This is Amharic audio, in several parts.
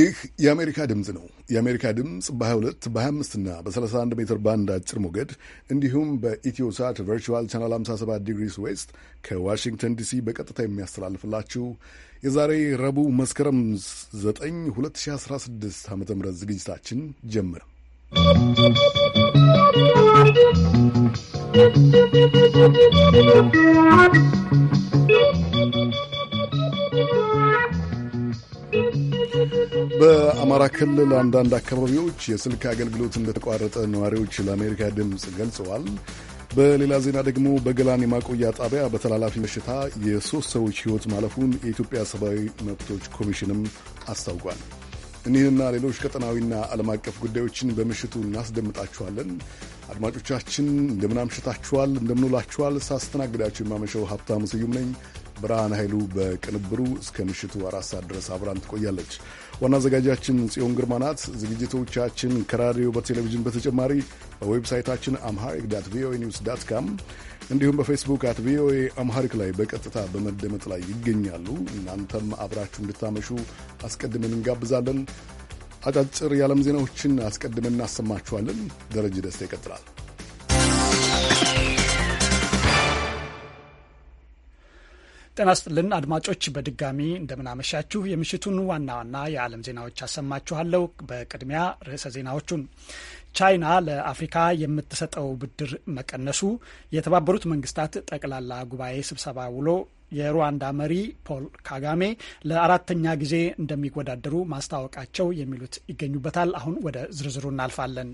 ይህ የአሜሪካ ድምፅ ነው። የአሜሪካ ድምፅ በ22 በ25 እና በ31 ሜትር ባንድ አጭር ሞገድ እንዲሁም በኢትዮሳት ቨርቹዋል ቻናል 57 ዲግሪስ ዌስት ከዋሽንግተን ዲሲ በቀጥታ የሚያስተላልፍላችሁ የዛሬ ረቡዕ መስከረም 9 2016 ዓ ም ዝግጅታችን ጀመረ። ¶¶ በአማራ ክልል አንዳንድ አካባቢዎች የስልክ አገልግሎት እንደተቋረጠ ነዋሪዎች ለአሜሪካ ድምፅ ገልጸዋል። በሌላ ዜና ደግሞ በገላን የማቆያ ጣቢያ በተላላፊ በሽታ የሶስት ሰዎች ሕይወት ማለፉን የኢትዮጵያ ሰብአዊ መብቶች ኮሚሽንም አስታውቋል። እኒህና ሌሎች ቀጠናዊና ዓለም አቀፍ ጉዳዮችን በምሽቱ እናስደምጣችኋለን። አድማጮቻችን እንደምናምሽታችኋል፣ እንደምንውላችኋል። ሳስተናግዳችሁ የማመሸው ሀብታሙ ስዩም ነኝ። ብርሃን ኃይሉ በቅንብሩ እስከ ምሽቱ አራት ሰዓት ድረስ አብራን ትቆያለች። ዋና አዘጋጃችን ጽዮን ግርማ ናት። ዝግጅቶቻችን ከራዲዮ በቴሌቪዥን በተጨማሪ በዌብሳይታችን አምሃሪክ ዳት ቪኦኤ ኒውስ ዳት ካም እንዲሁም በፌስቡክ አት ቪኦኤ አምሃሪክ ላይ በቀጥታ በመደመጥ ላይ ይገኛሉ። እናንተም አብራችሁ እንድታመሹ አስቀድመን እንጋብዛለን። አጫጭር የዓለም ዜናዎችን አስቀድመን እናሰማችኋለን። ደረጀ ደስታ ይቀጥላል። ጤና ስጥልን አድማጮች፣ በድጋሚ እንደምናመሻችሁ። የምሽቱን ዋና ዋና የዓለም ዜናዎች አሰማችኋለሁ። በቅድሚያ ርዕሰ ዜናዎቹን ቻይና ለአፍሪካ የምትሰጠው ብድር መቀነሱ፣ የተባበሩት መንግስታት ጠቅላላ ጉባኤ ስብሰባ ውሎ የሩዋንዳ መሪ ፖል ካጋሜ ለአራተኛ ጊዜ እንደሚወዳደሩ ማስታወቃቸው የሚሉት ይገኙበታል። አሁን ወደ ዝርዝሩ እናልፋለን።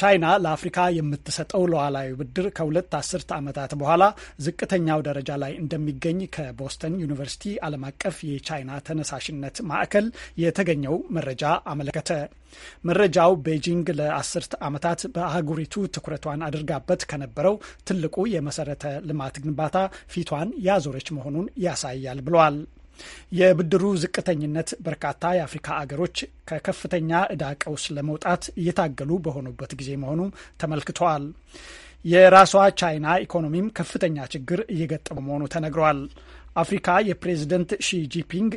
ቻይና ለአፍሪካ የምትሰጠው ሉዓላዊ ብድር ከሁለት አስርት ዓመታት በኋላ ዝቅተኛው ደረጃ ላይ እንደሚገኝ ከቦስተን ዩኒቨርሲቲ ዓለም አቀፍ የቻይና ተነሳሽነት ማዕከል የተገኘው መረጃ አመለከተ። መረጃው ቤጂንግ ለአስርት ዓመታት በአህጉሪቱ ትኩረቷን አድርጋበት ከነበረው ትልቁ የመሰረተ ልማት ግንባታ ፊቷን ያዞረች መሆኑን ያሳያል ብሏል። የብድሩ ዝቅተኝነት በርካታ የአፍሪካ አገሮች ከከፍተኛ እዳ ቀውስ ለመውጣት እየታገሉ በሆኑበት ጊዜ መሆኑ ተመልክተዋል። የራሷ ቻይና ኢኮኖሚም ከፍተኛ ችግር እየገጠመ መሆኑ ተነግሯል። አፍሪካ የፕሬዝደንት ሺጂፒንግ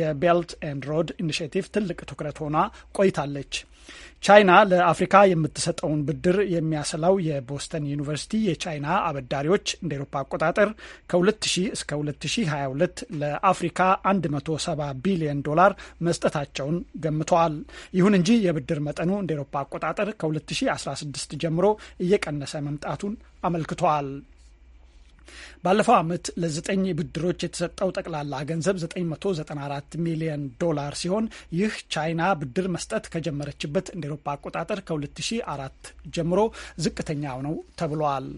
የቤልት ኤንድ ሮድ ኢኒሽቲቭ ትልቅ ትኩረት ሆና ቆይታለች። ቻይና ለአፍሪካ የምትሰጠውን ብድር የሚያሰላው የቦስተን ዩኒቨርሲቲ የቻይና አበዳሪዎች እንደ ኤሮፓ አቆጣጠር ከ2000 እስከ 2022 ለአፍሪካ 170 ቢሊዮን ዶላር መስጠታቸውን ገምተዋል። ይሁን እንጂ የብድር መጠኑ እንደ ኤሮፓ አቆጣጠር ከ2016 ጀምሮ እየቀነሰ መምጣቱን አመልክተዋል። ባለፈው ዓመት ለዘጠኝ ብድሮች የተሰጠው ጠቅላላ ገንዘብ 994 ሚሊዮን ዶላር ሲሆን ይህ ቻይና ብድር መስጠት ከጀመረችበት እንደ ኤሮፓ አቆጣጠር ከ2004 ጀምሮ ዝቅተኛው ነው ተብሏል።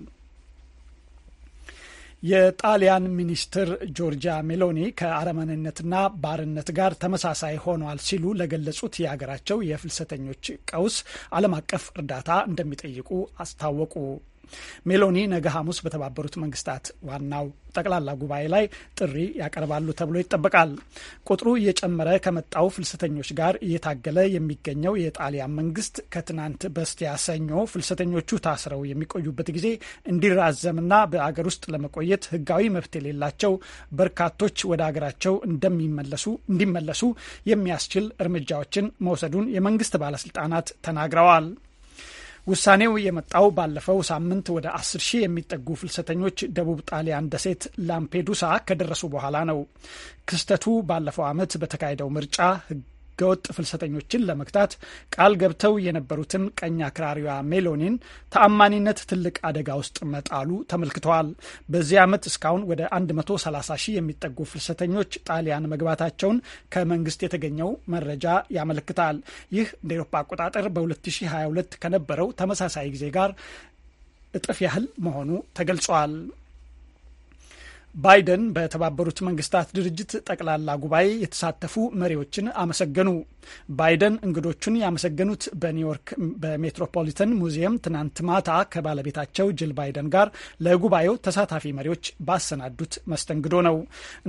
የጣሊያን ሚኒስትር ጆርጂያ ሜሎኒ ከአረመኔነትና ባርነት ጋር ተመሳሳይ ሆኗል ሲሉ ለገለጹት የሀገራቸው የፍልሰተኞች ቀውስ ዓለም አቀፍ እርዳታ እንደሚጠይቁ አስታወቁ። ሜሎኒ ነገ ሐሙስ በተባበሩት መንግስታት ዋናው ጠቅላላ ጉባኤ ላይ ጥሪ ያቀርባሉ ተብሎ ይጠበቃል። ቁጥሩ እየጨመረ ከመጣው ፍልሰተኞች ጋር እየታገለ የሚገኘው የጣሊያን መንግስት ከትናንት በስቲያ ሰኞ ፍልሰተኞቹ ታስረው የሚቆዩበት ጊዜ እንዲራዘምና በአገር ውስጥ ለመቆየት ህጋዊ መብት የሌላቸው በርካቶች ወደ አገራቸው እንደሚመለሱ እንዲመለሱ የሚያስችል እርምጃዎችን መውሰዱን የመንግስት ባለስልጣናት ተናግረዋል። ውሳኔው የመጣው ባለፈው ሳምንት ወደ አስር ሺህ የሚጠጉ ፍልሰተኞች ደቡብ ጣሊያን ደሴት ላምፔዱሳ ከደረሱ በኋላ ነው። ክስተቱ ባለፈው ዓመት በተካሄደው ምርጫ ህግ ህገወጥ ፍልሰተኞችን ለመግታት ቃል ገብተው የነበሩትን ቀኝ አክራሪዋ ሜሎኒን ተአማኒነት ትልቅ አደጋ ውስጥ መጣሉ ተመልክተዋል። በዚህ ዓመት እስካሁን ወደ 130 ሺህ የሚጠጉ ፍልሰተኞች ጣሊያን መግባታቸውን ከመንግስት የተገኘው መረጃ ያመለክታል። ይህ እንደ ኤሮፓ አቆጣጠር በ2022 ከነበረው ተመሳሳይ ጊዜ ጋር እጥፍ ያህል መሆኑ ተገልጿል። ባይደን በተባበሩት መንግስታት ድርጅት ጠቅላላ ጉባኤ የተሳተፉ መሪዎችን አመሰገኑ። ባይደን እንግዶቹን ያመሰገኑት በኒውዮርክ በሜትሮፖሊተን ሙዚየም ትናንት ማታ ከባለቤታቸው ጅል ባይደን ጋር ለጉባኤው ተሳታፊ መሪዎች ባሰናዱት መስተንግዶ ነው።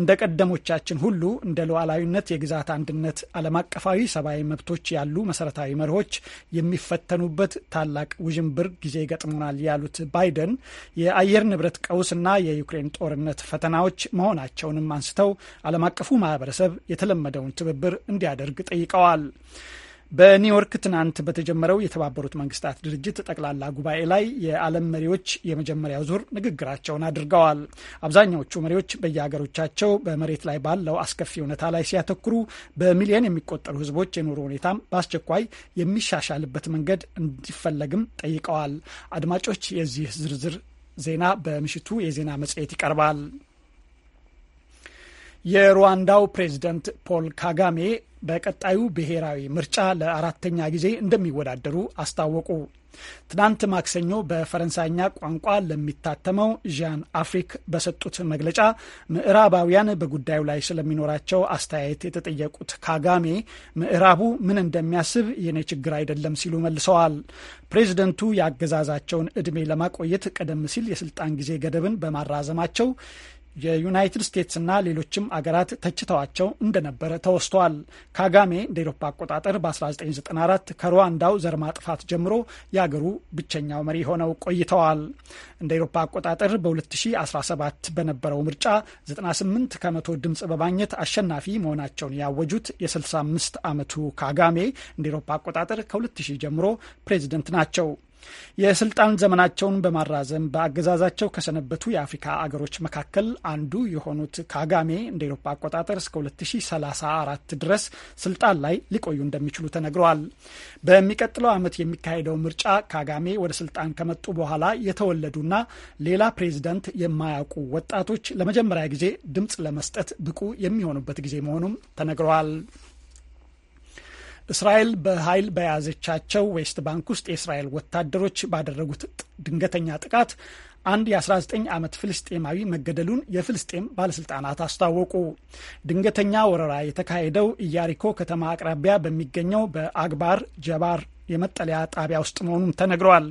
እንደ ቀደሞቻችን ሁሉ እንደ ሉዓላዊነት፣ የግዛት አንድነት፣ ዓለም አቀፋዊ ሰብአዊ መብቶች ያሉ መሰረታዊ መርሆች የሚፈተኑበት ታላቅ ውዥንብር ጊዜ ገጥሞናል ያሉት ባይደን የአየር ንብረት ቀውስና የዩክሬን ጦርነት ፈተናዎች መሆናቸውንም አንስተው ዓለም አቀፉ ማህበረሰብ የተለመደውን ትብብር እንዲያደርግ ጠይቀዋል። በኒውዮርክ ትናንት በተጀመረው የተባበሩት መንግስታት ድርጅት ጠቅላላ ጉባኤ ላይ የዓለም መሪዎች የመጀመሪያው ዙር ንግግራቸውን አድርገዋል። አብዛኛዎቹ መሪዎች በየሀገሮቻቸው በመሬት ላይ ባለው አስከፊ እውነታ ላይ ሲያተኩሩ፣ በሚሊዮን የሚቆጠሩ ህዝቦች የኑሮ ሁኔታም በአስቸኳይ የሚሻሻልበት መንገድ እንዲፈለግም ጠይቀዋል። አድማጮች፣ የዚህ ዝርዝር ዜና በምሽቱ የዜና መጽሔት ይቀርባል። የሩዋንዳው ፕሬዝደንት ፖል ካጋሜ በቀጣዩ ብሔራዊ ምርጫ ለአራተኛ ጊዜ እንደሚወዳደሩ አስታወቁ። ትናንት ማክሰኞ በፈረንሳይኛ ቋንቋ ለሚታተመው ዣን አፍሪክ በሰጡት መግለጫ ምዕራባውያን በጉዳዩ ላይ ስለሚኖራቸው አስተያየት የተጠየቁት ካጋሜ ምዕራቡ ምን እንደሚያስብ የኔ ችግር አይደለም ሲሉ መልሰዋል። ፕሬዝደንቱ የአገዛዛቸውን ዕድሜ ለማቆየት ቀደም ሲል የስልጣን ጊዜ ገደብን በማራዘማቸው የዩናይትድ ስቴትስና ሌሎችም አገራት ተችተዋቸው እንደነበረ ተወስቷል። ካጋሜ እንደ ኤሮፓ አቆጣጠር በ1994 ከሩዋንዳው ዘር ማጥፋት ጀምሮ የአገሩ ብቸኛው መሪ ሆነው ቆይተዋል። እንደ ኤሮፓ አቆጣጠር በ2017 በነበረው ምርጫ 98 ከመቶ ድምፅ በማግኘት አሸናፊ መሆናቸውን ያወጁት የ65 ዓመቱ ካጋሜ እንደ ኤሮፓ አቆጣጠር ከ2000 ጀምሮ ፕሬዚደንት ናቸው። የስልጣን ዘመናቸውን በማራዘም በአገዛዛቸው ከሰነበቱ የአፍሪካ አገሮች መካከል አንዱ የሆኑት ካጋሜ እንደ ኤሮፓ አቆጣጠር እስከ 2034 ድረስ ስልጣን ላይ ሊቆዩ እንደሚችሉ ተነግረዋል። በሚቀጥለው ዓመት የሚካሄደው ምርጫ ካጋሜ ወደ ስልጣን ከመጡ በኋላ የተወለዱና ሌላ ፕሬዚደንት የማያውቁ ወጣቶች ለመጀመሪያ ጊዜ ድምፅ ለመስጠት ብቁ የሚሆኑበት ጊዜ መሆኑም ተነግረዋል። እስራኤል በኃይል በያዘቻቸው ዌስት ባንክ ውስጥ የእስራኤል ወታደሮች ባደረጉት ድንገተኛ ጥቃት አንድ የ19 ዓመት ፍልስጤማዊ መገደሉን የፍልስጤም ባለስልጣናት አስታወቁ። ድንገተኛ ወረራ የተካሄደው ኢያሪኮ ከተማ አቅራቢያ በሚገኘው በአግባር ጀባር የመጠለያ ጣቢያ ውስጥ መሆኑም ተነግረዋል።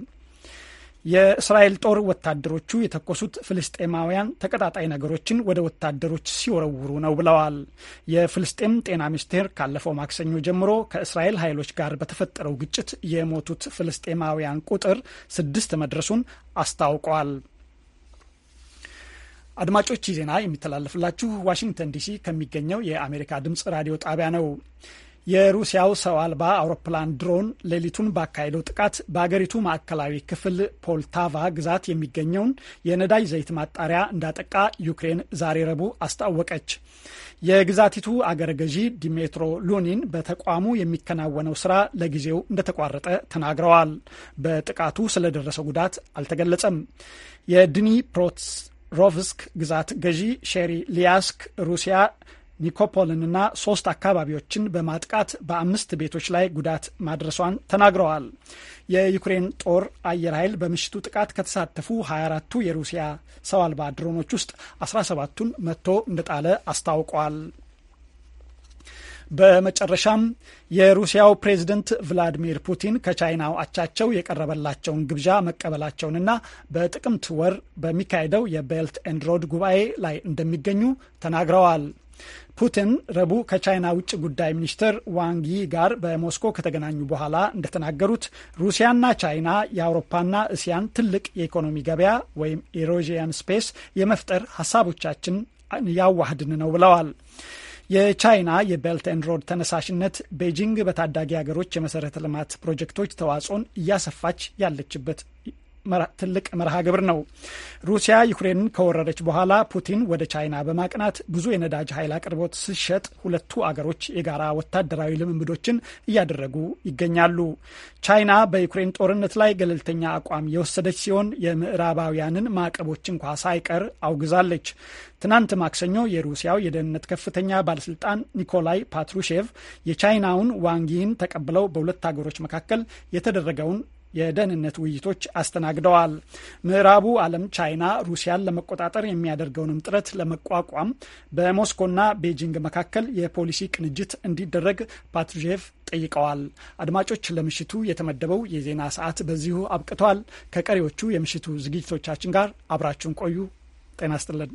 የእስራኤል ጦር ወታደሮቹ የተኮሱት ፍልስጤማውያን ተቀጣጣይ ነገሮችን ወደ ወታደሮች ሲወረውሩ ነው ብለዋል። የፍልስጤም ጤና ሚኒስቴር ካለፈው ማክሰኞ ጀምሮ ከእስራኤል ኃይሎች ጋር በተፈጠረው ግጭት የሞቱት ፍልስጤማውያን ቁጥር ስድስት መድረሱን አስታውቋል። አድማጮች፣ ዜና የሚተላለፍላችሁ ዋሽንግተን ዲሲ ከሚገኘው የአሜሪካ ድምጽ ራዲዮ ጣቢያ ነው። የሩሲያው ሰው አልባ አውሮፕላን ድሮን ሌሊቱን ባካሄደው ጥቃት በአገሪቱ ማዕከላዊ ክፍል ፖልታቫ ግዛት የሚገኘውን የነዳጅ ዘይት ማጣሪያ እንዳጠቃ ዩክሬን ዛሬ ረቡዕ አስታወቀች። የግዛቲቱ አገረ ገዢ ዲሜትሮ ሉኒን በተቋሙ የሚከናወነው ስራ ለጊዜው እንደተቋረጠ ተናግረዋል። በጥቃቱ ስለደረሰው ጉዳት አልተገለጸም። ሮቭስክ ግዛት ገዢ ሼሪ ሊያስክ ሩሲያ ኒኮፖልንና ሶስት አካባቢዎችን በማጥቃት በአምስት ቤቶች ላይ ጉዳት ማድረሷን ተናግረዋል። የዩክሬን ጦር አየር ኃይል በምሽቱ ጥቃት ከተሳተፉ 24ቱ የሩሲያ ሰው አልባ ድሮኖች ውስጥ 17ቱን መጥቶ እንደጣለ አስታውቋል። በመጨረሻም የሩሲያው ፕሬዝደንት ቭላዲሚር ፑቲን ከቻይናው አቻቸው የቀረበላቸውን ግብዣ መቀበላቸውንና በጥቅምት ወር በሚካሄደው የቤልት ኤንድ ሮድ ጉባኤ ላይ እንደሚገኙ ተናግረዋል። ፑቲን ረቡዕ ከቻይና ውጭ ጉዳይ ሚኒስትር ዋንጊ ጋር በሞስኮ ከተገናኙ በኋላ እንደተናገሩት ሩሲያና ቻይና የአውሮፓና እስያን ትልቅ የኢኮኖሚ ገበያ ወይም ኢሮዥያን ስፔስ የመፍጠር ሀሳቦቻችን ያዋህድን ነው ብለዋል። የቻይና የቤልት ኤንድ ሮድ ተነሳሽነት ቤጂንግ በታዳጊ ሀገሮች የመሰረተ ልማት ፕሮጀክቶች ተዋጽኦን እያሰፋች ያለችበት ትልቅ መርሃ ግብር ነው። ሩሲያ ዩክሬንን ከወረረች በኋላ ፑቲን ወደ ቻይና በማቅናት ብዙ የነዳጅ ኃይል አቅርቦት ሲሸጥ ሁለቱ አገሮች የጋራ ወታደራዊ ልምምዶችን እያደረጉ ይገኛሉ። ቻይና በዩክሬን ጦርነት ላይ ገለልተኛ አቋም የወሰደች ሲሆን የምዕራባውያንን ማዕቀቦች እንኳ ሳይቀር አውግዛለች። ትናንት ማክሰኞ የሩሲያው የደህንነት ከፍተኛ ባለስልጣን ኒኮላይ ፓትሩሼቭ የቻይናውን ዋንጊን ተቀብለው በሁለት አገሮች መካከል የተደረገውን የደህንነት ውይይቶች አስተናግደዋል። ምዕራቡ ዓለም ቻይና ሩሲያን ለመቆጣጠር የሚያደርገውንም ጥረት ለመቋቋም በሞስኮና ቤጂንግ መካከል የፖሊሲ ቅንጅት እንዲደረግ ፓትሩሼቭ ጠይቀዋል። አድማጮች፣ ለምሽቱ የተመደበው የዜና ሰዓት በዚሁ አብቅተዋል። ከቀሪዎቹ የምሽቱ ዝግጅቶቻችን ጋር አብራችሁን ቆዩ። ጤና ይስጥልን።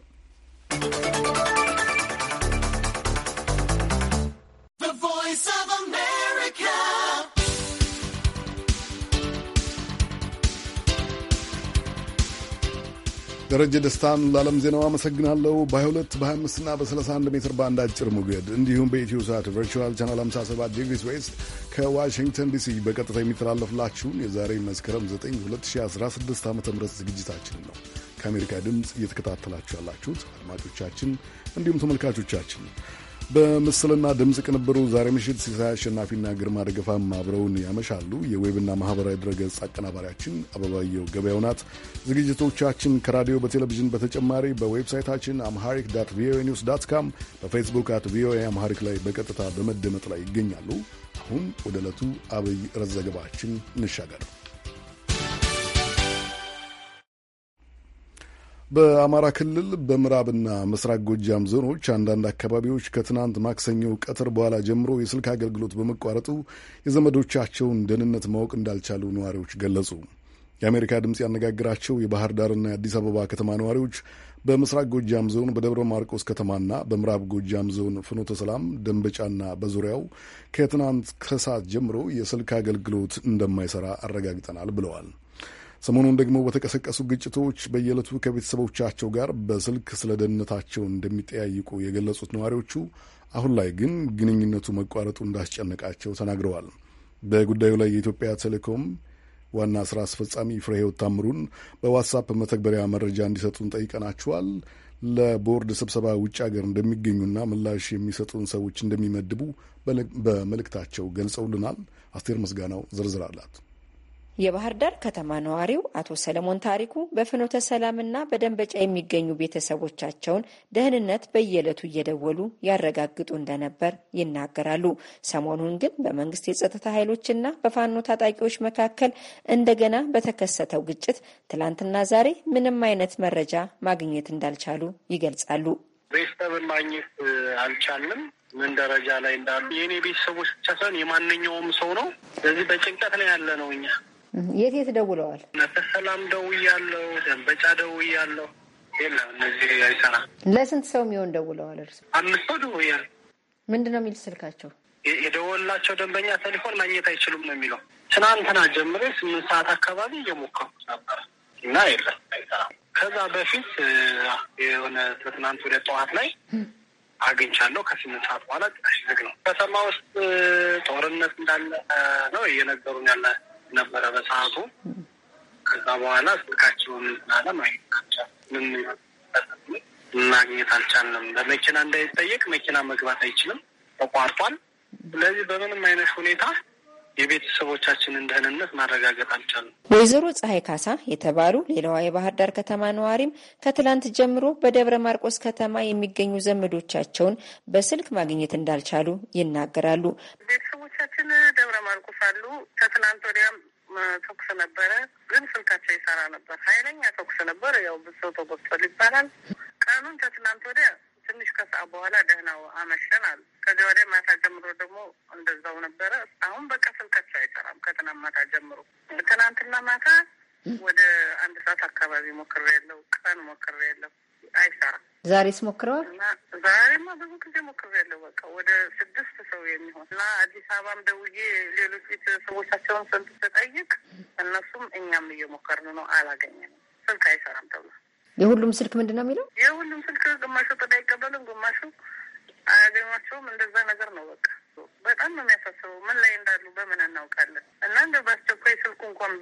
ደረጀ ደስታን ለዓለም ዜናው አመሰግናለሁ። በ22 በ25ና በ31 ሜትር ባንድ አጭር ሞገድ እንዲሁም በኢትዮ ሳት ቨርቹዋል ቻናል 57 ዲግሪስ ዌስት ከዋሽንግተን ዲሲ በቀጥታ የሚተላለፍላችሁን የዛሬ መስከረም 9 2016 ዓ ም ዝግጅታችን ነው ከአሜሪካ ድምፅ እየተከታተላችሁ ያላችሁት አድማጮቻችን፣ እንዲሁም ተመልካቾቻችን በምስልና ድምፅ ቅንብሩ ዛሬ ምሽት ሲሳይ አሸናፊና ግርማ ደገፋም አብረውን ያመሻሉ። የዌብና ማህበራዊ ድረገጽ አቀናባሪያችን አበባየው ገበያው ናት። ዝግጅቶቻችን ከራዲዮ በቴሌቪዥን በተጨማሪ በዌብሳይታችን አምሃሪክ ዳት ቪኦኤ ኒውስ ዳት ካም፣ በፌስቡክ አት ቪኦኤ አምሃሪክ ላይ በቀጥታ በመደመጥ ላይ ይገኛሉ። አሁን ወደ ዕለቱ አብይ ረዘገባችን ዘገባችን እንሻገር። በአማራ ክልል በምዕራብና ምስራቅ ጎጃም ዞኖች አንዳንድ አካባቢዎች ከትናንት ማክሰኞ ቀትር በኋላ ጀምሮ የስልክ አገልግሎት በመቋረጡ የዘመዶቻቸውን ደህንነት ማወቅ እንዳልቻሉ ነዋሪዎች ገለጹ። የአሜሪካ ድምፅ ያነጋግራቸው የባህር ዳርና የአዲስ አበባ ከተማ ነዋሪዎች በምስራቅ ጎጃም ዞን በደብረ ማርቆስ ከተማና በምዕራብ ጎጃም ዞን ፍኖተ ሰላም፣ ደንበጫና በዙሪያው ከትናንት ከሰዓት ጀምሮ የስልክ አገልግሎት እንደማይሰራ አረጋግጠናል ብለዋል። ሰሞኑን ደግሞ በተቀሰቀሱ ግጭቶች በየዕለቱ ከቤተሰቦቻቸው ጋር በስልክ ስለ ደህንነታቸው እንደሚጠያይቁ የገለጹት ነዋሪዎቹ አሁን ላይ ግን ግንኙነቱ መቋረጡ እንዳስጨነቃቸው ተናግረዋል። በጉዳዩ ላይ የኢትዮጵያ ቴሌኮም ዋና ስራ አስፈጻሚ ፍሬህይወት ታምሩን በዋትሳፕ መተግበሪያ መረጃ እንዲሰጡን ጠይቀናቸዋል። ለቦርድ ስብሰባ ውጭ ሀገር እንደሚገኙና ምላሽ የሚሰጡን ሰዎች እንደሚመድቡ በመልእክታቸው ገልጸውልናል። አስቴር ምስጋናው ዝርዝር አላት። የባህር ዳር ከተማ ነዋሪው አቶ ሰለሞን ታሪኩ በፍኖተ ሰላምና በደንበጫ የሚገኙ ቤተሰቦቻቸውን ደህንነት በየዕለቱ እየደወሉ ያረጋግጡ እንደነበር ይናገራሉ። ሰሞኑን ግን በመንግስት የጸጥታ ኃይሎችና በፋኖ ታጣቂዎች መካከል እንደገና በተከሰተው ግጭት ትላንትና ዛሬ ምንም አይነት መረጃ ማግኘት እንዳልቻሉ ይገልጻሉ። ቤተሰብን ማግኘት አልቻልንም። ምን ደረጃ ላይ እንዳሉ የእኔ ቤተሰቦች ብቻ ሳይሆን የማንኛውም ሰው ነው። ስለዚህ በጭንቀት ላይ ያለ ነው እኛ የት የት ደውለዋል? ሰላም ደውያለሁ፣ ደንበጫ ደውያለሁ። የለም እነዚህ አይሰራ። ለስንት ሰው የሚሆን ደውለዋል? እርስ አምስት ሰው ደውያል። ምንድን ነው የሚል ስልካቸው? የደወላቸው ደንበኛ ቴሌፎን ማግኘት አይችሉም ነው የሚለው። ትናንትና ጀምሬ ስምንት ሰዓት አካባቢ እየሞከሩ ነበር እና የለም ከዛ በፊት የሆነ ትናንት ወደ ጠዋት ላይ አግኝቻለሁ ከስምንት ሰዓት በኋላ ዝግ ነው። ከተማ ውስጥ ጦርነት እንዳለ ነው እየነገሩን ያለ ነበረ በሰዓቱ። ከዛ በኋላ ስልካቸውን ላለ ማግኘት አልቻልንም፣ ማግኘት በመኪና እንዳይጠየቅ መኪና መግባት አይችልም፣ ተቋርጧል። ስለዚህ በምንም አይነት ሁኔታ የቤተሰቦቻችንን ደህንነት ማረጋገጥ አልቻለም። ወይዘሮ ፀሐይ ካሳ የተባሉ ሌላዋ የባህር ዳር ከተማ ነዋሪም ከትላንት ጀምሮ በደብረ ማርቆስ ከተማ የሚገኙ ዘመዶቻቸውን በስልክ ማግኘት እንዳልቻሉ ይናገራሉ። ቤተሰቦቻችን ደብረ ይተኩሳሉ። ከትናንት ወዲያም ተኩስ ነበረ፣ ግን ስልካቸው ይሰራ ነበር። ኃይለኛ ተኩስ ነበር። ያው ብዙ ሰው ተጎድቷል ይባላል። ቀኑን ከትናንት ወዲያ ትንሽ ከሰዓት በኋላ ደህናው አመሸን አሉ። ከዚህ ወዲያ ማታ ጀምሮ ደግሞ እንደዛው ነበረ። አሁን በቃ ስልካቸው አይሰራም። ከትናንት ማታ ጀምሮ ትናንትና ማታ ወደ አንድ ሰዓት አካባቢ ሞክሬ ያለው ቀን ሞክሬ ያለው አይሰራም። ዛሬስ ሞክረዋል? ዛሬማ ብዙ ጊዜ ሞክሬያለሁ። በቃ ወደ ስድስት ሰው የሚሆን እና አዲስ አበባም ደውዬ ሌሎች ቤተሰቦቻቸውን ስንት ስጠይቅ እነሱም እኛም እየሞከርን ነው። አላገኘንም። ስልክ አይሰራም ተብሎ የሁሉም ስልክ ምንድን ነው የሚለው? የሁሉም ስልክ ግማሹ ጥዳ አይቀበልም፣ ግማሹ አያገኟቸውም። እንደዛ ነገር ነው በቃ በጣም ነው የሚያሳስበው። ምን ላይ እንዳሉ በምን እናውቃለን? እና እንደ በአስቸኳይ ስልኩ እንኳን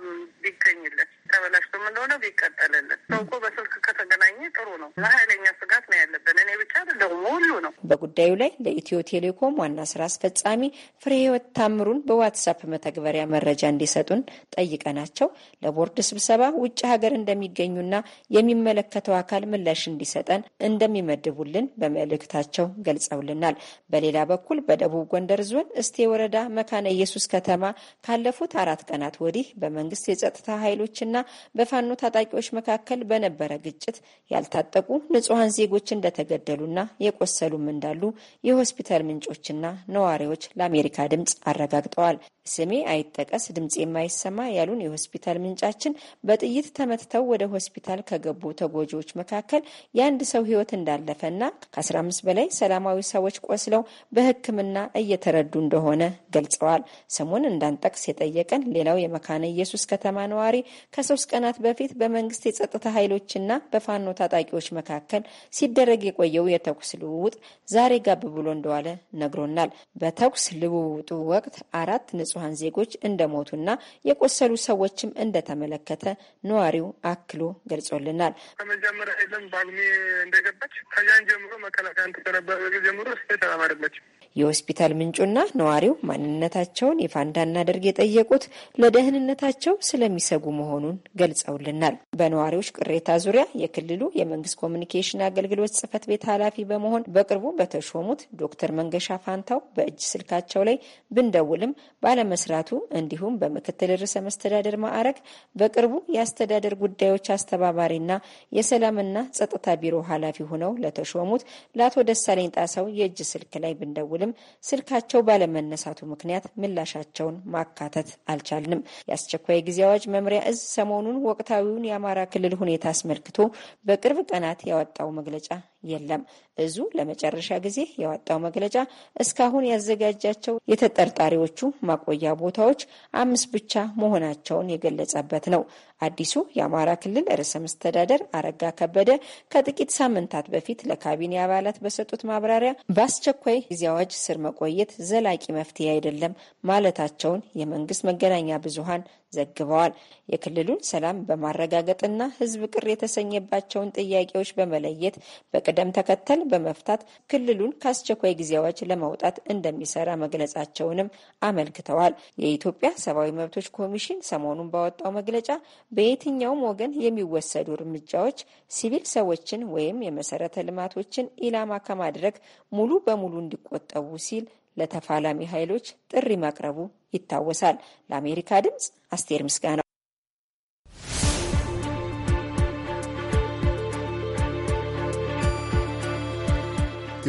ቢገኝለት ተበላሽቶ ምን እንደሆነ ቢቀጠልልን። ሰው እኮ በስልክ ከተገናኘ ጥሩ ነው። ለሀይለኛ ስጋት ነው ያለብን። እኔ ብቻ አይደለሁም ሁሉ ነው። በጉዳዩ ላይ ለኢትዮ ቴሌኮም ዋና ስራ አስፈጻሚ ፍሬ ህይወት ታምሩን በዋትሳፕ መተግበሪያ መረጃ እንዲሰጡን ጠይቀናቸው ለቦርድ ስብሰባ ውጭ ሀገር እንደሚገኙና የሚመለከተው አካል ምላሽ እንዲሰጠን እንደሚመድቡልን በመልእክታቸው ገልጸውልናል። በሌላ በኩል በደቡብ ጎ ጎንደር ዞን እስቴ ወረዳ መካነ ኢየሱስ ከተማ ካለፉት አራት ቀናት ወዲህ በመንግስት የጸጥታ ኃይሎችና በፋኖ ታጣቂዎች መካከል በነበረ ግጭት ያልታጠቁ ንጹሐን ዜጎች እንደተገደሉና የቆሰሉም እንዳሉ የሆስፒታል ምንጮችና ነዋሪዎች ለአሜሪካ ድምፅ አረጋግጠዋል። ስሜ አይጠቀስ ድምፅ የማይሰማ ያሉን የሆስፒታል ምንጫችን በጥይት ተመትተው ወደ ሆስፒታል ከገቡ ተጎጂዎች መካከል የአንድ ሰው ህይወት እንዳለፈና ከ15 በላይ ሰላማዊ ሰዎች ቆስለው በሕክምና እየተረዱ እንደሆነ ገልጸዋል። ስሙን እንዳንጠቅስ የጠየቀን ሌላው የመካነ ኢየሱስ ከተማ ነዋሪ ከሶስት ቀናት በፊት በመንግስት የጸጥታ ኃይሎችና በፋኖ ታጣቂዎች መካከል ሲደረግ የቆየው የተኩስ ልውውጥ ዛሬ ጋብ ብሎ እንደዋለ ነግሮናል። በተኩስ ልውውጡ ወቅት አራት ንጹሐን ዜጎች እንደሞቱና የቆሰሉ ሰዎችም እንደተመለከተ ነዋሪው አክሎ ገልጾልናል። ከመጀመሪያ የለም ባልሚ እንደገባች ከዚያን ጀምሮ መከላከያ ተሰነባበ ጀምሮ እስ ሰላም የሆስፒታል ምንጩና ነዋሪው ማንነታቸውን ይፋ እንዳናደርግ የጠየቁት ለደህንነታቸው ስለሚሰጉ መሆኑን ገልጸውልናል። በነዋሪዎች ቅሬታ ዙሪያ የክልሉ የመንግስት ኮሚኒኬሽን አገልግሎት ጽህፈት ቤት ኃላፊ በመሆን በቅርቡ በተሾሙት ዶክተር መንገሻ ፋንታው በእጅ ስልካቸው ላይ ብንደውልም ባለ ባለመስራቱ እንዲሁም በምክትል ርዕሰ መስተዳደር ማዕረግ በቅርቡ የአስተዳደር ጉዳዮች አስተባባሪና የሰላምና ጸጥታ ቢሮ ኃላፊ ሆነው ለተሾሙት ለአቶ ደሳለኝ ጣሰው የእጅ ስልክ ላይ ብንደውልም ስልካቸው ባለመነሳቱ ምክንያት ምላሻቸውን ማካተት አልቻልንም። የአስቸኳይ ጊዜ አዋጅ መምሪያ እዝ ሰሞኑን ወቅታዊውን የአማራ ክልል ሁኔታ አስመልክቶ በቅርብ ቀናት ያወጣው መግለጫ የለም። እዙ ለመጨረሻ ጊዜ ያወጣው መግለጫ እስካሁን ያዘጋጃቸው የተጠርጣሪዎቹ ማቆያ ቦታዎች አምስት ብቻ መሆናቸውን የገለጸበት ነው። አዲሱ የአማራ ክልል ርዕሰ መስተዳደር አረጋ ከበደ ከጥቂት ሳምንታት በፊት ለካቢኔ አባላት በሰጡት ማብራሪያ በአስቸኳይ ጊዜ አዋጅ ስር መቆየት ዘላቂ መፍትሄ አይደለም ማለታቸውን የመንግስት መገናኛ ብዙሀን ዘግበዋል። የክልሉን ሰላም በማረጋገጥና ህዝብ ቅር የተሰኘባቸውን ጥያቄዎች በመለየት በቅደም ተከተል በመፍታት ክልሉን ከአስቸኳይ ጊዜ አዋጅ ለማውጣት እንደሚሰራ መግለጻቸውንም አመልክተዋል። የኢትዮጵያ ሰብአዊ መብቶች ኮሚሽን ሰሞኑን ባወጣው መግለጫ በየትኛውም ወገን የሚወሰዱ እርምጃዎች ሲቪል ሰዎችን ወይም የመሰረተ ልማቶችን ኢላማ ከማድረግ ሙሉ በሙሉ እንዲቆጠቡ ሲል ለተፋላሚ ኃይሎች ጥሪ ማቅረቡ ይታወሳል። ለአሜሪካ ድምፅ አስቴር ምስጋና።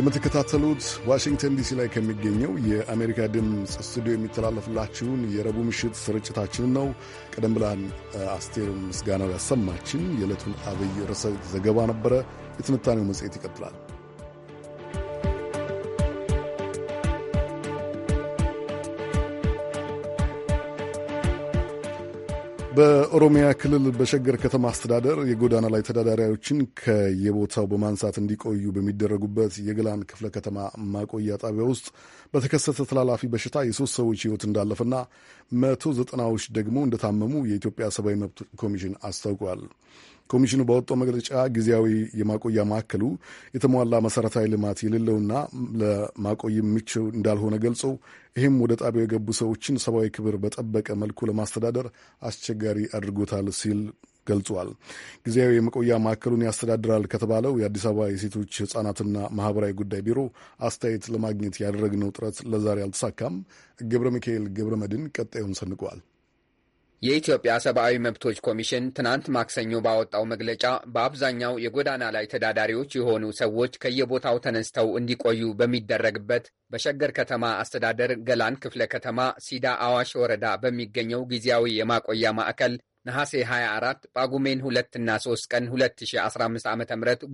የምትከታተሉት ዋሽንግተን ዲሲ ላይ ከሚገኘው የአሜሪካ ድምፅ ስቱዲዮ የሚተላለፍላችሁን የረቡዕ ምሽት ስርጭታችንን ነው። ቀደም ብላን አስቴር ምስጋናው ያሰማችን የዕለቱን አብይ ርዕሰ ዘገባ ነበረ። የትንታኔው መጽሔት ይቀጥላል። በኦሮሚያ ክልል በሸገር ከተማ አስተዳደር የጎዳና ላይ ተዳዳሪዎችን ከየቦታው በማንሳት እንዲቆዩ በሚደረጉበት የግላን ክፍለ ከተማ ማቆያ ጣቢያ ውስጥ በተከሰተ ተላላፊ በሽታ የሶስት ሰዎች ሕይወት እንዳለፈና መቶ ዘጠናዎች ደግሞ እንደታመሙ የኢትዮጵያ ሰብአዊ መብት ኮሚሽን አስታውቋል። ኮሚሽኑ ባወጣው መግለጫ ጊዜያዊ የማቆያ ማዕከሉ የተሟላ መሠረታዊ ልማት የሌለውና ለማቆይ የሚችው እንዳልሆነ ገልጾ ይህም ወደ ጣቢያው የገቡ ሰዎችን ሰብአዊ ክብር በጠበቀ መልኩ ለማስተዳደር አስቸጋሪ አድርጎታል ሲል ገልጿል። ጊዜያዊ የመቆያ ማዕከሉን ያስተዳድራል ከተባለው የአዲስ አበባ የሴቶች ህጻናትና ማህበራዊ ጉዳይ ቢሮ አስተያየት ለማግኘት ያደረግነው ጥረት ለዛሬ አልተሳካም። ገብረ ሚካኤል ገብረ መድን ቀጣዩን ሰንቋል። የኢትዮጵያ ሰብአዊ መብቶች ኮሚሽን ትናንት ማክሰኞ ባወጣው መግለጫ በአብዛኛው የጎዳና ላይ ተዳዳሪዎች የሆኑ ሰዎች ከየቦታው ተነስተው እንዲቆዩ በሚደረግበት በሸገር ከተማ አስተዳደር ገላን ክፍለ ከተማ ሲዳ አዋሽ ወረዳ በሚገኘው ጊዜያዊ የማቆያ ማዕከል ነሐሴ 24 ጳጉሜን 2 እና 3 ቀን 2015 ዓ ም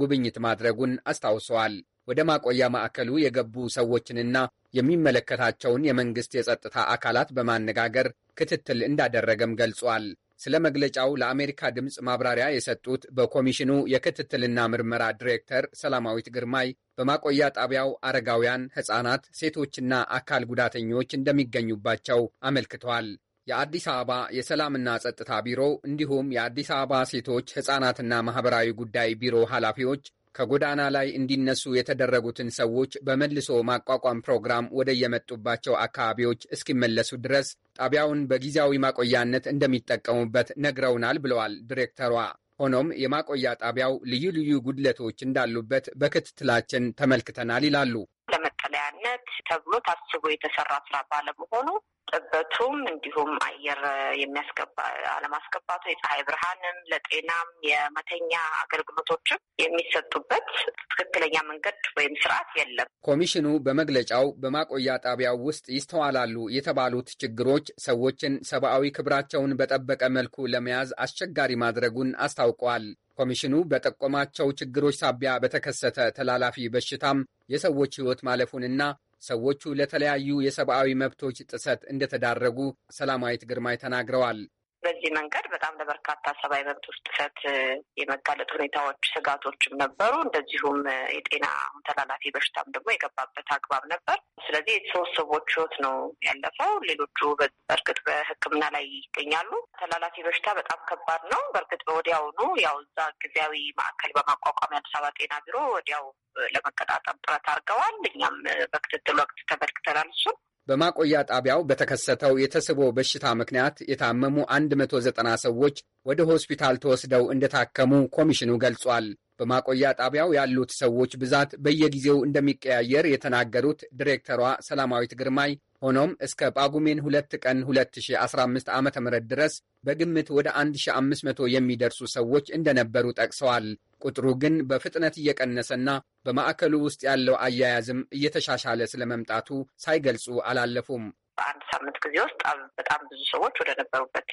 ጉብኝት ማድረጉን አስታውሰዋል። ወደ ማቆያ ማዕከሉ የገቡ ሰዎችንና የሚመለከታቸውን የመንግስት የጸጥታ አካላት በማነጋገር ክትትል እንዳደረገም ገልጿል። ስለ መግለጫው ለአሜሪካ ድምፅ ማብራሪያ የሰጡት በኮሚሽኑ የክትትልና ምርመራ ዲሬክተር ሰላማዊት ግርማይ በማቆያ ጣቢያው አረጋውያን፣ ሕፃናት፣ ሴቶችና አካል ጉዳተኞች እንደሚገኙባቸው አመልክተዋል። የአዲስ አበባ የሰላምና ጸጥታ ቢሮ እንዲሁም የአዲስ አበባ ሴቶች ሕፃናትና ማኅበራዊ ጉዳይ ቢሮ ኃላፊዎች ከጎዳና ላይ እንዲነሱ የተደረጉትን ሰዎች በመልሶ ማቋቋም ፕሮግራም ወደ የመጡባቸው አካባቢዎች እስኪመለሱ ድረስ ጣቢያውን በጊዜያዊ ማቆያነት እንደሚጠቀሙበት ነግረውናል ብለዋል ዲሬክተሯ። ሆኖም የማቆያ ጣቢያው ልዩ ልዩ ጉድለቶች እንዳሉበት በክትትላችን ተመልክተናል ይላሉ መጠለያነት ተብሎ ታስቦ የተሰራ ስራ ባለመሆኑ ጥበቱም እንዲሁም አየር የሚያስገባ አለማስገባቱ የፀሐይ ብርሃንም ለጤናም የመተኛ አገልግሎቶችም የሚሰጡበት ትክክለኛ መንገድ ወይም ስርዓት የለም። ኮሚሽኑ በመግለጫው በማቆያ ጣቢያው ውስጥ ይስተዋላሉ የተባሉት ችግሮች ሰዎችን ሰብአዊ ክብራቸውን በጠበቀ መልኩ ለመያዝ አስቸጋሪ ማድረጉን አስታውቋል። ኮሚሽኑ በጠቆማቸው ችግሮች ሳቢያ በተከሰተ ተላላፊ በሽታም የሰዎች ሕይወት ማለፉንና ሰዎቹ ለተለያዩ የሰብአዊ መብቶች ጥሰት እንደተዳረጉ ሰላማዊት ግርማይ ተናግረዋል። በዚህ መንገድ በጣም ለበርካታ ሰብአዊ መብቶች ጥሰት የመጋለጥ ሁኔታዎች ስጋቶችም ነበሩ። እንደዚሁም የጤና ተላላፊ በሽታም ደግሞ የገባበት አግባብ ነበር። ስለዚህ ሶስት ሰዎች ህይወት ነው ያለፈው። ሌሎቹ በእርግጥ በሕክምና ላይ ይገኛሉ። ተላላፊ በሽታ በጣም ከባድ ነው። በእርግጥ ወዲያውኑ ያው እዛ ጊዜያዊ ማዕከል በማቋቋም የአዲስ አበባ ጤና ቢሮ ወዲያው ለመቀጣጠም ጥረት አድርገዋል። እኛም በክትትል ወቅት ተመልክተናል እሱን በማቆያ ጣቢያው በተከሰተው የተስቦ በሽታ ምክንያት የታመሙ 190 ሰዎች ወደ ሆስፒታል ተወስደው እንደታከሙ ኮሚሽኑ ገልጿል። በማቆያ ጣቢያው ያሉት ሰዎች ብዛት በየጊዜው እንደሚቀያየር የተናገሩት ዲሬክተሯ ሰላማዊት ግርማይ ሆኖም እስከ ጳጉሜን 2 ቀን 2015 ዓ ም ድረስ በግምት ወደ 1500 የሚደርሱ ሰዎች እንደነበሩ ጠቅሰዋል። ቁጥሩ ግን በፍጥነት እየቀነሰና በማዕከሉ ውስጥ ያለው አያያዝም እየተሻሻለ ስለመምጣቱ ሳይገልጹ አላለፉም። በአንድ ሳምንት ጊዜ ውስጥ በጣም ብዙ ሰዎች ወደ ነበሩበት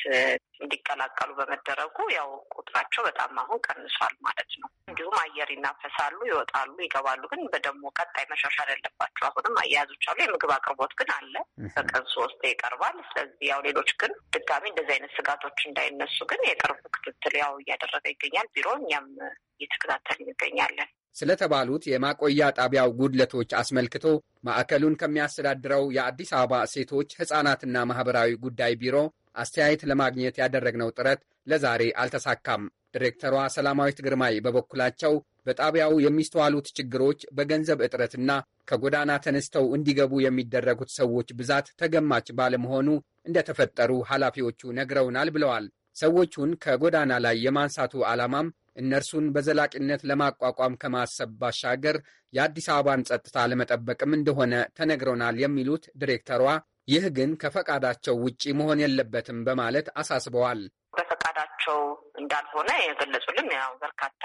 እንዲቀላቀሉ በመደረጉ ያው ቁጥራቸው በጣም አሁን ቀንሷል ማለት ነው። እንዲሁም አየር ይናፈሳሉ፣ ይወጣሉ፣ ይገባሉ። ግን በደግሞ ቀጣይ መሻሻል ያለባቸው አሁንም አያያዞች አሉ። የምግብ አቅርቦት ግን አለ፣ በቀን ሶስት ይቀርባል። ስለዚህ ያው ሌሎች ግን ድጋሚ እንደዚህ አይነት ስጋቶች እንዳይነሱ ግን የቅርብ ክትትል ያው እያደረገ ይገኛል ቢሮ እኛም እየተከታተል እንገኛለን። ስለተባሉት የማቆያ ጣቢያው ጉድለቶች አስመልክቶ ማዕከሉን ከሚያስተዳድረው የአዲስ አበባ ሴቶች ሕፃናትና ማኅበራዊ ጉዳይ ቢሮ አስተያየት ለማግኘት ያደረግነው ጥረት ለዛሬ አልተሳካም። ዲሬክተሯ ሰላማዊት ግርማይ በበኩላቸው በጣቢያው የሚስተዋሉት ችግሮች በገንዘብ እጥረትና ከጎዳና ተነስተው እንዲገቡ የሚደረጉት ሰዎች ብዛት ተገማች ባለመሆኑ እንደተፈጠሩ ኃላፊዎቹ ነግረውናል ብለዋል። ሰዎቹን ከጎዳና ላይ የማንሳቱ ዓላማም እነርሱን በዘላቂነት ለማቋቋም ከማሰብ ባሻገር የአዲስ አበባን ጸጥታ ለመጠበቅም እንደሆነ ተነግረናል የሚሉት ዲሬክተሯ፣ ይህ ግን ከፈቃዳቸው ውጪ መሆን የለበትም በማለት አሳስበዋል። በፈቃዳቸው እንዳልሆነ የገለጹልም ያው በርካታ